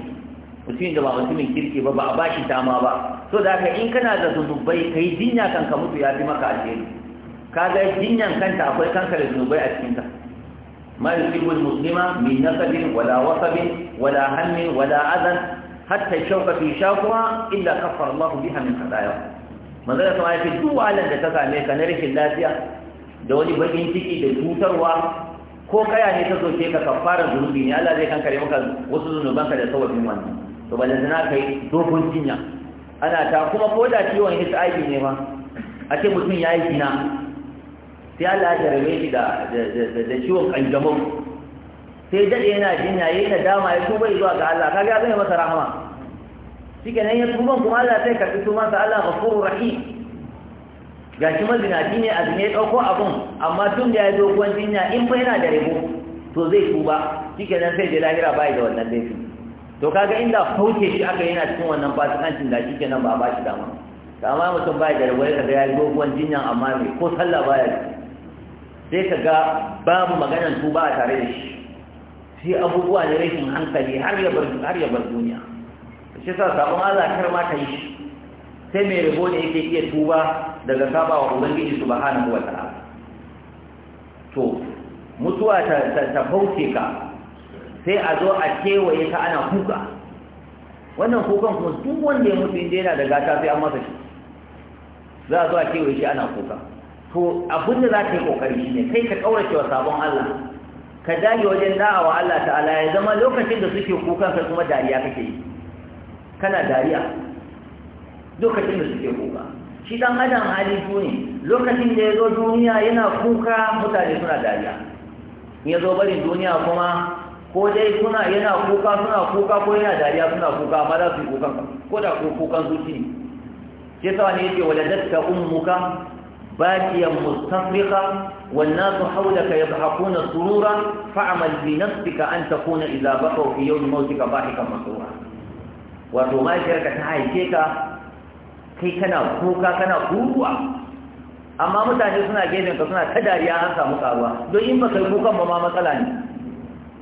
mutumin da ba mutumin kirki ba ba a bashi shi dama ba so da haka in kana da zunubai kai jinya kan ka mutu ya fi maka alheri kaga ga jinyan kanta akwai kanka da zunubai a cikinta ما يصيب المسلم من نسب ولا وصب ولا هم ولا أذى حتى hatta في شاكوها illa kafara الله biha min خطاياه manzon sama ya ce duk wahalar da ta same ka na rikin lafiya da wani bakin ciki da cutarwa ko kaya ne ta soke ka kafara zunubi ne Allah zai kankare maka wasu zunubanka da sawabin wani to ka kai dogon jinya ana ta kuma ko da ciwon HIV ne ba a ce mutum ya yi zina sai Allah ya rame shi da ciwon kanjamau sai daɗe yana jinya na dama ya tuba zuwa ga Allah kaga zai masa rahama shi kenan ya tuba kuma Allah sai ka fito masa Allah ghafurur rahim gashi mazinaci ne a zine dauko abun amma tun da ya dogon jinya in fa yana da rebo to zai tuba shi na sai da lahira bai da wannan laifi to kaga inda fauke shi aka yana cikin wannan fasikancin da shi nan ba ba shi dama amma mutum bai da rebo kaga ya dogon jinya amma me ko sallah baya sai ka ga babu maganar tuba a tare da shi sai abubuwa ne rashin hankali har ya har ya bar duniya shi sa sabon Allah kar ma kai yi shi sai mai rabo ne yake iya tuba daga saba wa ubangiji subhanahu wataala to mutuwa ta ta, ta ka sai a zo a kewaye ka ana kuka wannan kukan kuma duk wanda ya mutu inda yana da gata sai an masa shi za a zo a kewaye shi ana kuka to abin da za ka yi kokari shi ne kai ka kaurace wa sabon Allah ka dage wajen da'awa Allah ta'ala ya zama lokacin da suke kukan ka kuma dariya kake yi kana dariya lokacin da suke kuka shi dan adam hali ne lokacin da ya zo duniya yana kuka mutane suna dariya ya zo barin duniya kuma ko dai suna yana kuka suna kuka ko yana dariya suna kuka amma za su yi kukan ko da ko kukan zuci ne sai sa ne yake waladatka ummuka باكيا مستفرقا والناس حولك يضحكون سرورا فاعمل بنفسك أن تكون إذا بقوا في يوم موتك ضاحكا مسرورا wato mahaifiyarka ta haife ka kai kana kuka kana kuruwa amma mutane suna gefen ka suna ta dariya an samu karuwa don in baka kukan ba ma matsala ne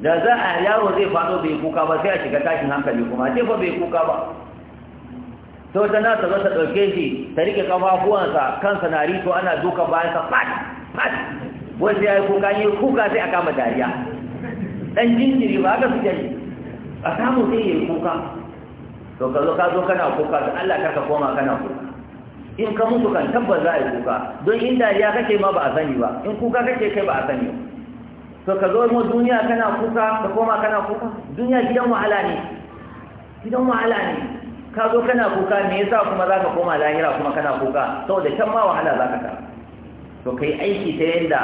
da za a yaro zai faɗo bai kuka ba sai a shiga tashin hankali kuma sai fa bai kuka ba to ta na tazo ta ɗauke shi ta rike kafafuwansa kansa na rito ana duka bayan sa fat fat wasu ya yi kuka yi kuka sai a kama dariya ɗan jinjiri ba haka suke yi a samu sai ya yi kuka to ka zo ka zo kana kuka da Allah ka koma kana kuka in ka mutu kan tabbas za a yi kuka don in dariya kake ma ba a sani ba in kuka kake kai ba a sani ba to ka zo mu duniya kana kuka ka koma kana kuka duniya gidan wahala ne gidan wahala ne ka zo kana kuka me yasa kuma za ka koma lahira kuma kana kuka saboda can ma wahala za ka ta to kai aiki ta yanda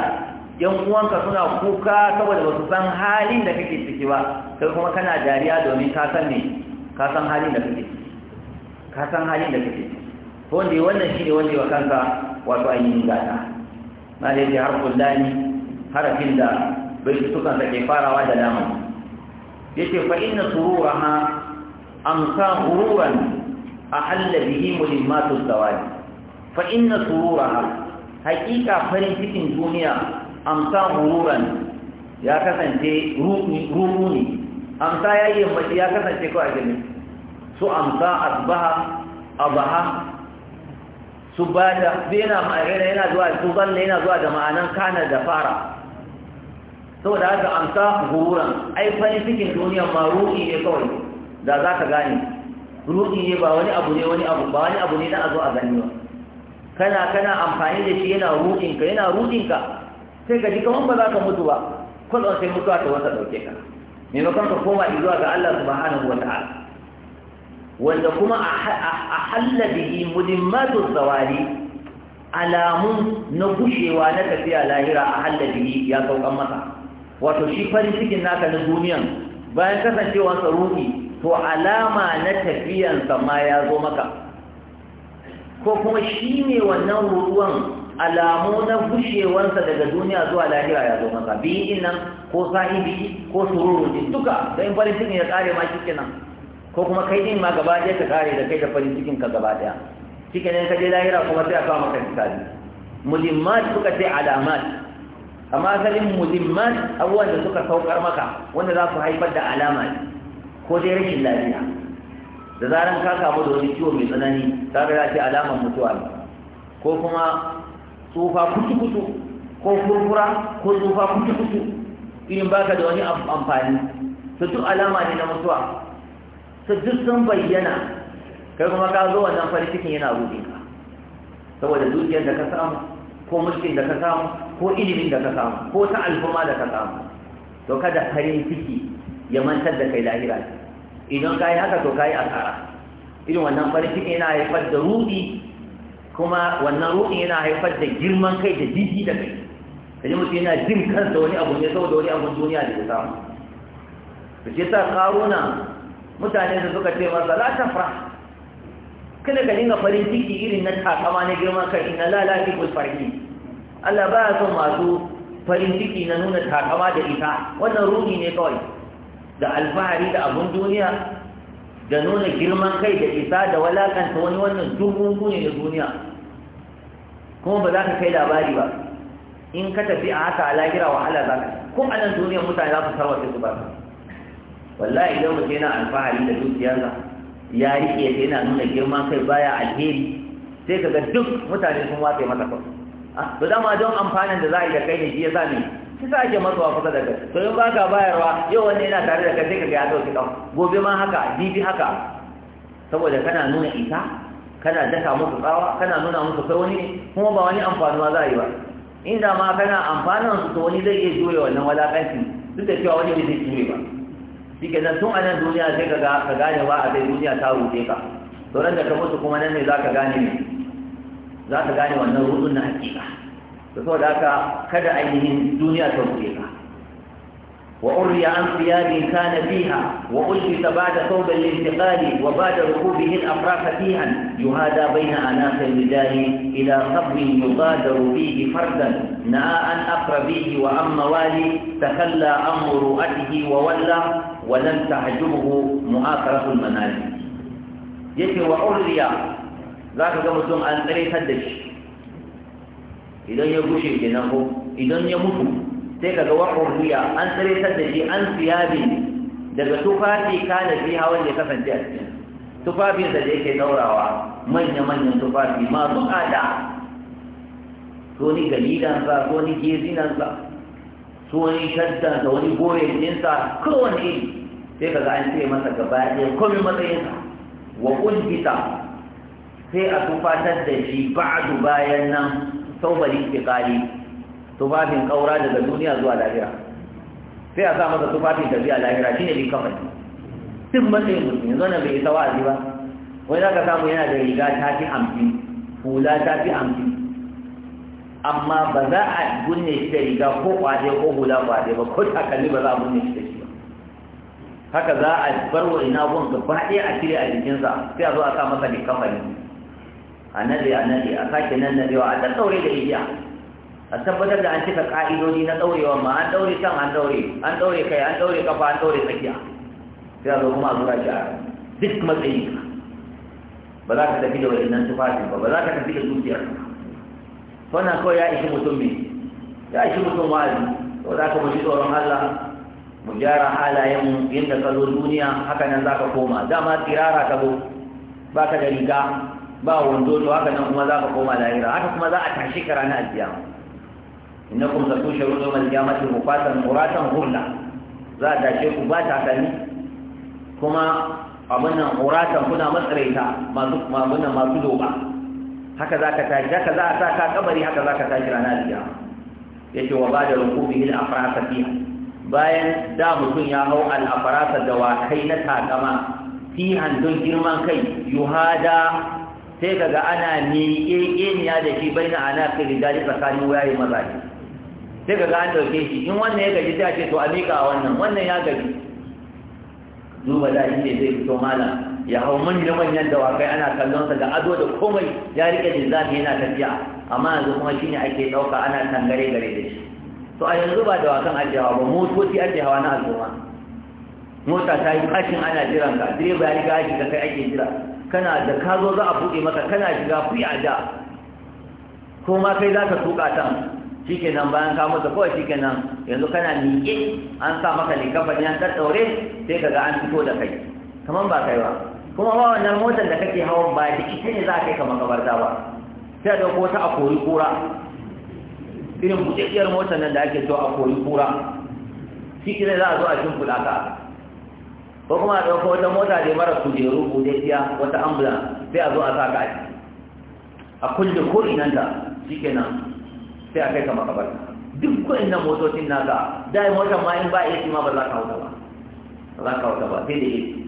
yan uwanka suna kuka saboda ba su san halin da kake ciki ba kai kuma kana dariya domin ka san ne ka san halin da kake ka san halin da kake to wanda wannan ne wanda wa kanka wato ainihin gata Na da yake harfin lani harafin da bai su sa ke farawa da dama yace fa inna sururaha amsa hururan ahalla bihi mulimatu zawali fa inna sururaha haqiqa farin cikin duniya amsa hururan ya kasance ruhu ne amsa ya yi yammaci ya kasance ko a su amsa a abaha su bada da yana ma'ana yana zuwa su zanna yana zuwa da ma'anan kana da fara saboda haka amsa gururan ai fani cikin duniya ma ruɗi ne kawai da za ka gane ruɗi ne ba wani abu ne wani abu ba wani abu ne na a zo a gani ba kana kana amfani da shi yana ruɗinka yana ruɗinka sai ka ji kamar ba za ka mutu ba kwallon sai mutuwa ta wata dauke ka maimakon ka koma zuwa ga Allah subhanahu wa wanda kuma a halla bihi mudimmatu zawali alamun na gushewa na tafiya lahira a halla bihi ya saukan masa wato shi farin cikin naka na duniyan bayan kasancewan sa to alama na tafiyansa ma ya zo maka ko kuma shi ne wannan ruwan alamu na gushewarsa daga duniya zuwa lahira ya zo masa bi nan ko sahibi ko sururu din duka don farin cikin ya kare ma shi kenan ko kuma kai din ma gaba ɗaya ka kare da kai da farin cikin ka gaba ɗaya shi kenan ka je lahira kuma sai a kawo maka misali mulimmat suka ce alamat amma asalin mulimmat abubuwan da suka saukar maka wanda za su haifar da alama ko dai rashin lafiya da zaran ka kamu da wani ciwo mai tsanani ta ga ya ce alamar mutuwa ne ko kuma tufa kutu-kutu ko kurkura ko tufa kutu-kutu irin baka da wani amfani su duk alama ne na mutuwa su duk sun bayyana kai kuma ka zo wannan farin cikin yana ruɗe ka saboda dukiyar da ka samu ko mulkin da ka samu ko ilimin da ka samu ko ta alfuma da ka samu to kada farin ciki ya mantar da kai lahira idan ka yi haka to ka yi asara irin wannan farin ciki yana haifar da ruɗi kuma wannan ruɗin yana haifar da girman kai da jiji da kai kaji mutum yana jin kansa wani abu ne saboda wani abun duniya da ya samu da ce sa karuna mutane da suka ce masa la tafra kada ka dinga farin ciki irin na takama na girman kai ina la la tikul Allah baya son masu farin ciki na nuna takama da ita wannan ruɗi ne kawai da alfahari da abun duniya da nuna girman kai da isa da walakanta wani wannan dubu ne da duniya kuma ba za ka kai labari ba in ka tafi a haka alagira wahala za ka ko a nan duniyar mutane za su sarwa su ba wallahi idan mu yana alfahari da dukiyarsa ya riƙe sai yana nuna girman kai baya alheri sai ka ga duk mutane sun watsa masa kawai ba ah, za ma don amfanin da za a yi da kai ne shi ya sa ne ki sa a ke matsawa kusa da kai to in ba ka bayarwa yau wani yana tare da kai sai ka ga ya ɗauki ɗan gobe ma haka bibi haka saboda kana nuna isa kana daka musu tsawa kana nuna musu kai wani ne kuma ba wani ma za a yi ba inda ma kana amfanin su to wani zai iya jure wannan walakanci duk da cewa wani bai zai jure ba shi ke nan tun a nan duniya sai ka ka gane ba a sai duniya ta rufe ka to ran da ka mutu kuma nan ne za ka gane ne za ka gane wannan rudun na hakika وأري عن ثياب كان فيها وألبس بعد ثوب الانتقال وبعد ركوبه الأفراح فيها يهادى بين أناق الرجال إلى قبر يغادر فيه فردا نعى عن أقربيه وعن موالي تخلى عن مروءته وولى ولم تعجبه مؤاخرة المنال يتي وأري ذاك قمتم أن تريد الدش idan ya gushe kenan ko idan ya mutu sai kaga wa hurriya an tsare ta da shi an siyabi daga tufafi kana fi hawan ya kasance a cikin tufafin da yake daurawa manya manyan tufafi masu tsada ko ni galilan sa ko ni gezinan sa su wani shaddan wani goyen din sa kowane iri sai kaga an ce masa gaba ɗaya komai matsayinsa wa kulbita sai a tufatar da shi ba'adu bayan nan saubal istiqali tufafin kaura daga duniya zuwa lahira sai a sa masa tufafin tafiya lahira shine bi kafani duk matsayin mutum yanzu na bai isa wa'azi ba wai za ka samu yana da riga ta fi amfi hula ta fi amfi amma ba za a gunne shi da riga ko kwaje ko hula kwaje ba ko takalmi ba za a gunne shi da shi ba haka za a bar wa ina gun gaba ɗaya a cire a jikinsa sai a zo a sa masa bi kafani annabi annabi a sake nan nadewa a daure da iya a tabbatar da an cika ka'idodi na daurewa ma an daure can an daure an daure kai an daure kafa an daure tsakiya sai a zo kuma a zura shi a duk matsayin ka ba za ka tafi da wa'innan tufafi ba ba za ka tafi da zuciyar ka wannan kawai ya ishi mutum ne ya ishi mutum wa'azi to za ka mutu tsoron Allah mu gyara halayenmu yadda ka zo duniya haka nan za ka koma dama tsirara ka zo ba ka da riga ba wando to haka nan kuma za ka koma lahira haka kuma za a tashi ka ranar alkiyama innakum satusharu yawm alqiyamati mufatan muratan hurna za a tashe ku ba takalmi kuma abin nan uratan kuna matsaraita masu abin nan masu doba haka za ka tashi haka za a sa ka kabari haka za ka tashi ranar alkiyama ce wa ba da rukubihi al-afrasa fiha bayan da mutum ya hau al'afarasa da wakai na takama fihan don girman kai yuhada sai kaga ana miƙeƙeniya da shi bai na ana kai rijali tsakanin maza mazaje sai kaga an ɗauke shi in wannan ya gaji ta ce to a miƙa wannan wannan ya gaji duba da inda zai fito malam ya hau manya-manyan dawakai ana kallonsa da ado da komai ya riƙe zafi yana tafiya amma yanzu kuma shi ne ake ɗauka ana tangare gare da shi to a yanzu ba wakan ake hawa ba motoci ake hawa na al'umma mota ta yi kashin ana jiran ka direba ya riga shi ka kai ake jira kana da ka zo za a buɗe maka kana shiga fi a da ko ma kai za ka tuka ta shikenan bayan ka mutu kawai shikenan yanzu kana miƙe an sa maka kafa ne an tattaure sai ka ga an fito da kai kamar ba kai ba kuma ba wannan motar da kake hawan ba da ita ne za a kai ka makabarta ba sai a ɗauko ta a kori kura irin buɗaɗɗiyar motar nan da ake so a kori kura shi ne za a zo a shimfiɗa ka ko kuma a ɗauka wata mota da mara kujeru budaiya wata ambula sai a zo a sa ka a a kulle ko inanta shikenan sai a kai ka makabar duk ko inan motocin da dai motar ma in ba a ma ba za ka wuta ba ba za ka wuta ba sai da yake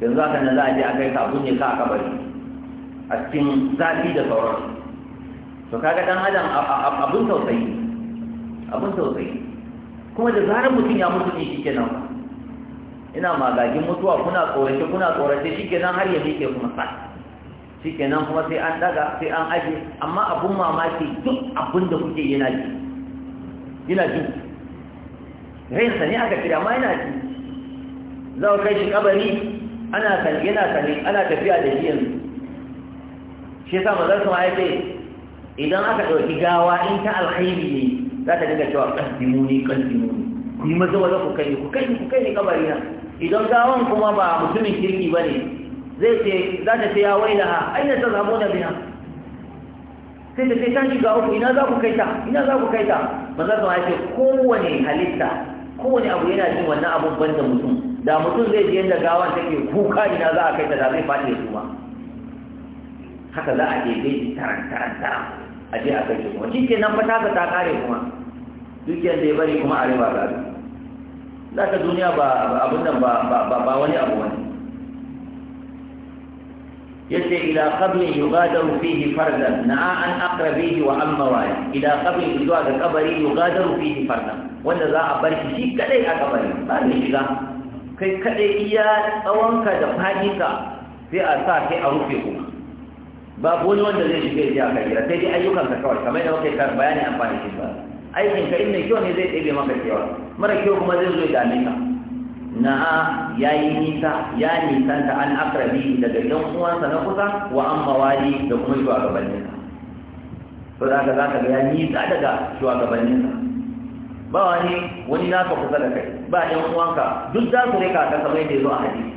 yanzu haka nan za a je a kai ka bunye ka a kabari a cikin zafi da sauran to kaga dan adam abun tausayi abun tausayi kuma da zarar mutum ya mutu ne ba ina magagin mutuwa kuna tsorace kuna tsorace shikenan har ya miƙe kuma sa shikenan kuma sai an daga sai an aje amma abun mamaki duk abun da kuke yana ji yana ji rainsa ne aka kira ma yana ji za ku kai shi kabari ana kan yana kan ana tafiya da shi yanzu shi yasa mazan sama ya ce idan aka ɗauki gawa in ta alkhairi ne za ta dinga cewa ƙaddimuni ƙaddimuni ku yi maza wani ku kai ku kai ku kai ne kabari na idan gawan kuma ba mutumin kirki ba ne zai ce za ta ce ya wai da ha aina ta zamo da biya sai ta ce ta shiga uku ina za ku kai ta ina za ku kai ta ba za ta ce kowane halitta kowane abu yana jin wannan abun ban da mutum da mutum zai je yadda gawan take kuka ina za a kai ta da zai fadi da su haka za a ɗebe shi taran taran taran a je a kai shi kuma shi ke nan fata ta kare kuma duk yadda ya bari kuma a riba gado za duniya ba abin nan ba wani abu wani yace ila qabri yugadaru fihi fardan na'a an aqrabihi wa amma waya ila qabri zuwa ga kabari yugadaru fihi fardan wanda za a bar shi kadai a kabari ba ne shiga kai kadai iya tsawonka da fadinka sai a sa sai a rufe kuma babu wani wanda zai shiga ya kai sai dai ayyukan ka kawai kamar yadda kai bayani amfani shi ba aikin ka in kyau ne zai ɗebe maka cewa mara kyau kuma zai zo dame ka na'a ya yi nisa ya nisanta an akrabi daga yan uwansa na kusa wa an mawali da kuma gabaninsa to da za ka ga ya nisa daga gabaninsa ba wani wani naka kusa da kai ba yan uwanka duk za su rika ka kamar yadda ya zo a hadisi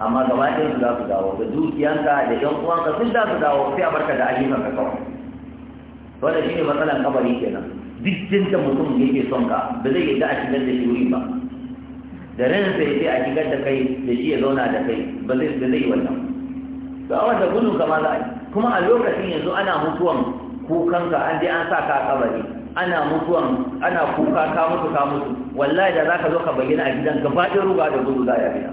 amma gaba ɗaya su za su dawo da dukiyanka da yan uwanka duk za su dawo sai a barka da ayyukan ka kawai wanda shine matsalan kabari kenan duk jinta mutum ke son ka ba zai yadda a shigar da shi wuri ba da ranar sai sai a shigar da kai da shi ya zauna da kai ba zai da zai wannan ba wanda gudun kama za a yi kuma a lokacin yanzu ana mutuwan kukanka an je an sa ka kabari ana mutuwan ana kuka ka mutu ka mutu wallahi da zaka zo ka bayyana a gidan ka ɗaya ruga da gudu za a fita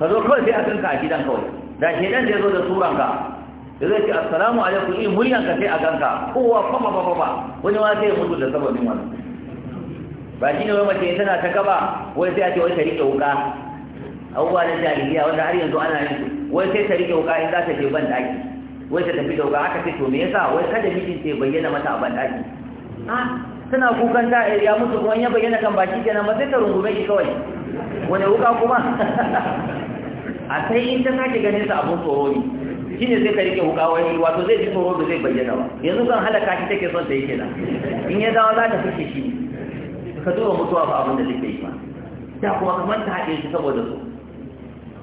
ka zo kawai sai a kanka a gidan kawai da shedan zai zo da turanka da zai ce assalamu alaikum in muryan ka sai a ganka kowa fama ba ba wani ma sai mutu da sababin wani ba shi ne wai mace tana ta gaba wai sai a ce wai ta rike wuka abubuwa na jahiliya wanda har yanzu ana yin wai sai ta rike wuka in za ta je ban daki wai ta tafi da wuka aka ce to me yasa wai kada mijin ta bayyana mata a ban daki tana kukan ta eh, ya mutu kuma ya bayyana kan baki kenan ba sai ta rungume shi kawai wani wuka kuma a sai in ta sake ganin sa abun tsoro ne shi ne zai ka rike wuka wani wato zai ji tsoro da zai bayyana ba yanzu zan halaka shi take son ta yi kenan in ya dawo za ta fice shi ka duba mutuwa ba abin da zai yi ba da kuma kamar ta haɗe shi saboda su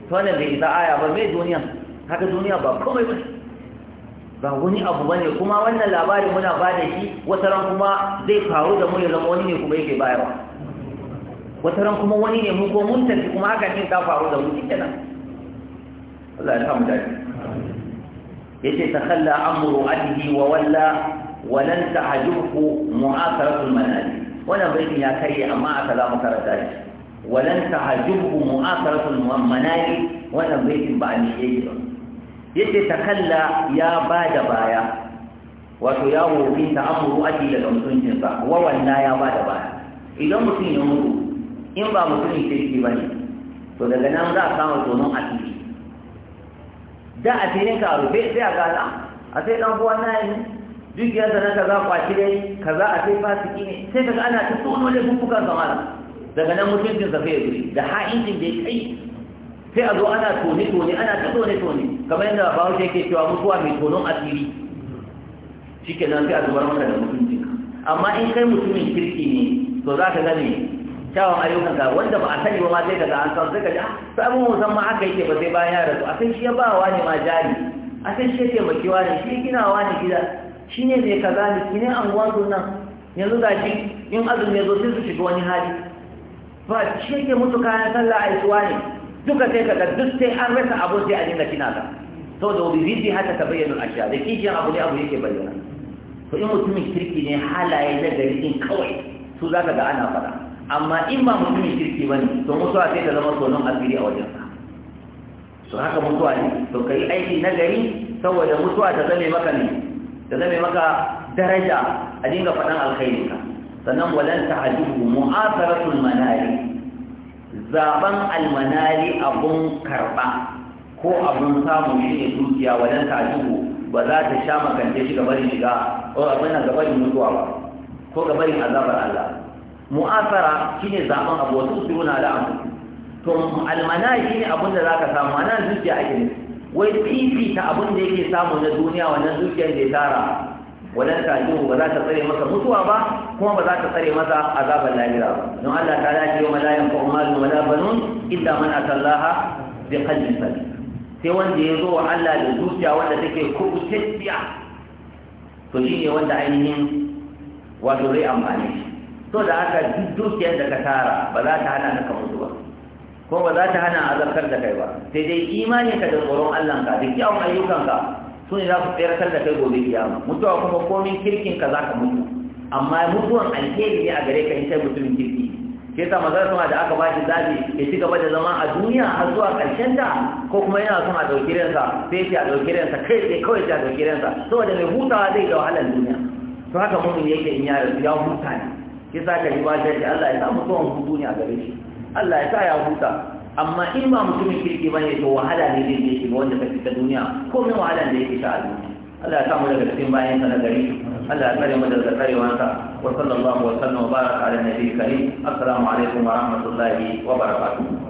to wannan bai isa aya ba mai duniya haka duniya ba komai ba ba wani abu ba ne kuma wannan labarin muna ba da shi ran kuma zai faru da mu ya zama wani ne kuma yake bayarwa ran kuma wani ne mu ko mun tafi kuma haka ne ta faru da mu kenan Allah ya samu dace yace takalla amru adihi wa walla wa lan tahjuhu mu'asaratul manazil wannan baitin ya karye amma aka za mu karanta shi wa lan tahjuhu mu'asaratul manazil wannan baitin ba a ni yake ba yace takalla ya bada baya wato ya wofi ta amru adihi daga mutuncinsa wa walla ya bada baya idan mutum ya mutu in ba mutum mutumin kirki ba ne to daga nan za a samu tonon asiri da a filin ka rufe sai a gada a sai dan buwan nayi dukiyar da naka za kwaci dai kaza a sai fasiki ne sai kaga ana ta tsono da bubbukan da daga nan mutuncin sa sai guri da ha'incin da kai sai a zo ana tone tone ana ta tone tone kamar yadda wuce yake cewa mutuwa mai tonon asiri shikenan sai a zubar maka da mutuncin amma in kai mutumin kirki ne to za ka gane kyawun ayyukan ka wanda ba a sani ba ma sai daga an san suka ji ah, sabon musamman aka yake ba sai bayan ya rasu a san shi ya ba wa ne ma jari a san shi ya wa ne shi ya gina wa ne gida shi ne mai kaza ne shi ne anguwan nan yanzu ga shi in azumi ya zo sai su shiga wani hali ba shi yake musu kayan sallah a isuwa ne duka sai kaga duk sai an rasa abu sai a dinga kina ka saboda ubizidi haka ta bayyana ashiya da kishin abu ne abu yake bayyana to in mutumin kirki ne halaye na gari din kawai su za ka ga ana faɗa amma in ba mutumin kirki ba ne to mutuwa sai ta zama sonon asiri a wajen sa. to haka mutuwa ne to ka yi aiki na gari saboda mutuwa ta zame maka ne ta zame maka daraja a dinga faɗan ka sannan walan ta hajjuhu mu'asaratul manari Zaban almanari abun karɓa ko abun samu shi ne dukiya walan ta hajjuhu ba za ta sha makance shi gabarin shiga ko abin gabarin mutuwa ba ko gabarin azabar Allah mu'asara shine zaben abu wasu su na da abu to almana ne abin da zaka samu ana zuciya ake ne wai fifita abin da yake samu na duniya wannan zuciyar da ya tara wannan tajihu ba za ta tsare masa mutuwa ba kuma ba za ta tsare masa azabar lahira ba don Allah ta lafi yau malayan ko malu wala banun illa mana atallaha bi qalbin salim sai wanda ya zo wa Allah da zuciya wanda take kubutacciya to ne wanda ainihin wato zai amfane shi so da aka duk dukiyar da ka tara ba za ta hana ka mutu ba ko ba za ta hana azabtar da kai ba sai dai imanin ka da tsoron Allah ka duk yawan ayyukan ka su ne za su tsayar da kai gobe kiyama mutuwa kuma komin kirkin ka za ka mutu amma mutuwan alheri ne a gare ka in kai mutumin kirki ke sa maza suna da aka bashi zabi ya ci gaba da zama a duniya har zuwa ƙarshen ta ko kuma yana son a ɗauki ransa sai ce a ɗauki ransa kai sai kawai ce a ɗauki ransa saboda mai hutawa zai ga wahalar duniya to haka mutum yake in ya rasu ya huta ne yasa ka yi wajen da Allah ya sa mutuwan hutu ne a gare shi Allah ya sa ya huta amma in ba mutumin kirki ne, to wahala ne zai je shi wanda ka ta duniya ko min wahala da yake sha a duniya Allah ya sa mu daga cikin bayan sa na gari Allah ya kare mu daga karewansa wa sallallahu wa sallam baraka ala nabiyyi karim assalamu alaikum wa rahmatullahi wa barakatuh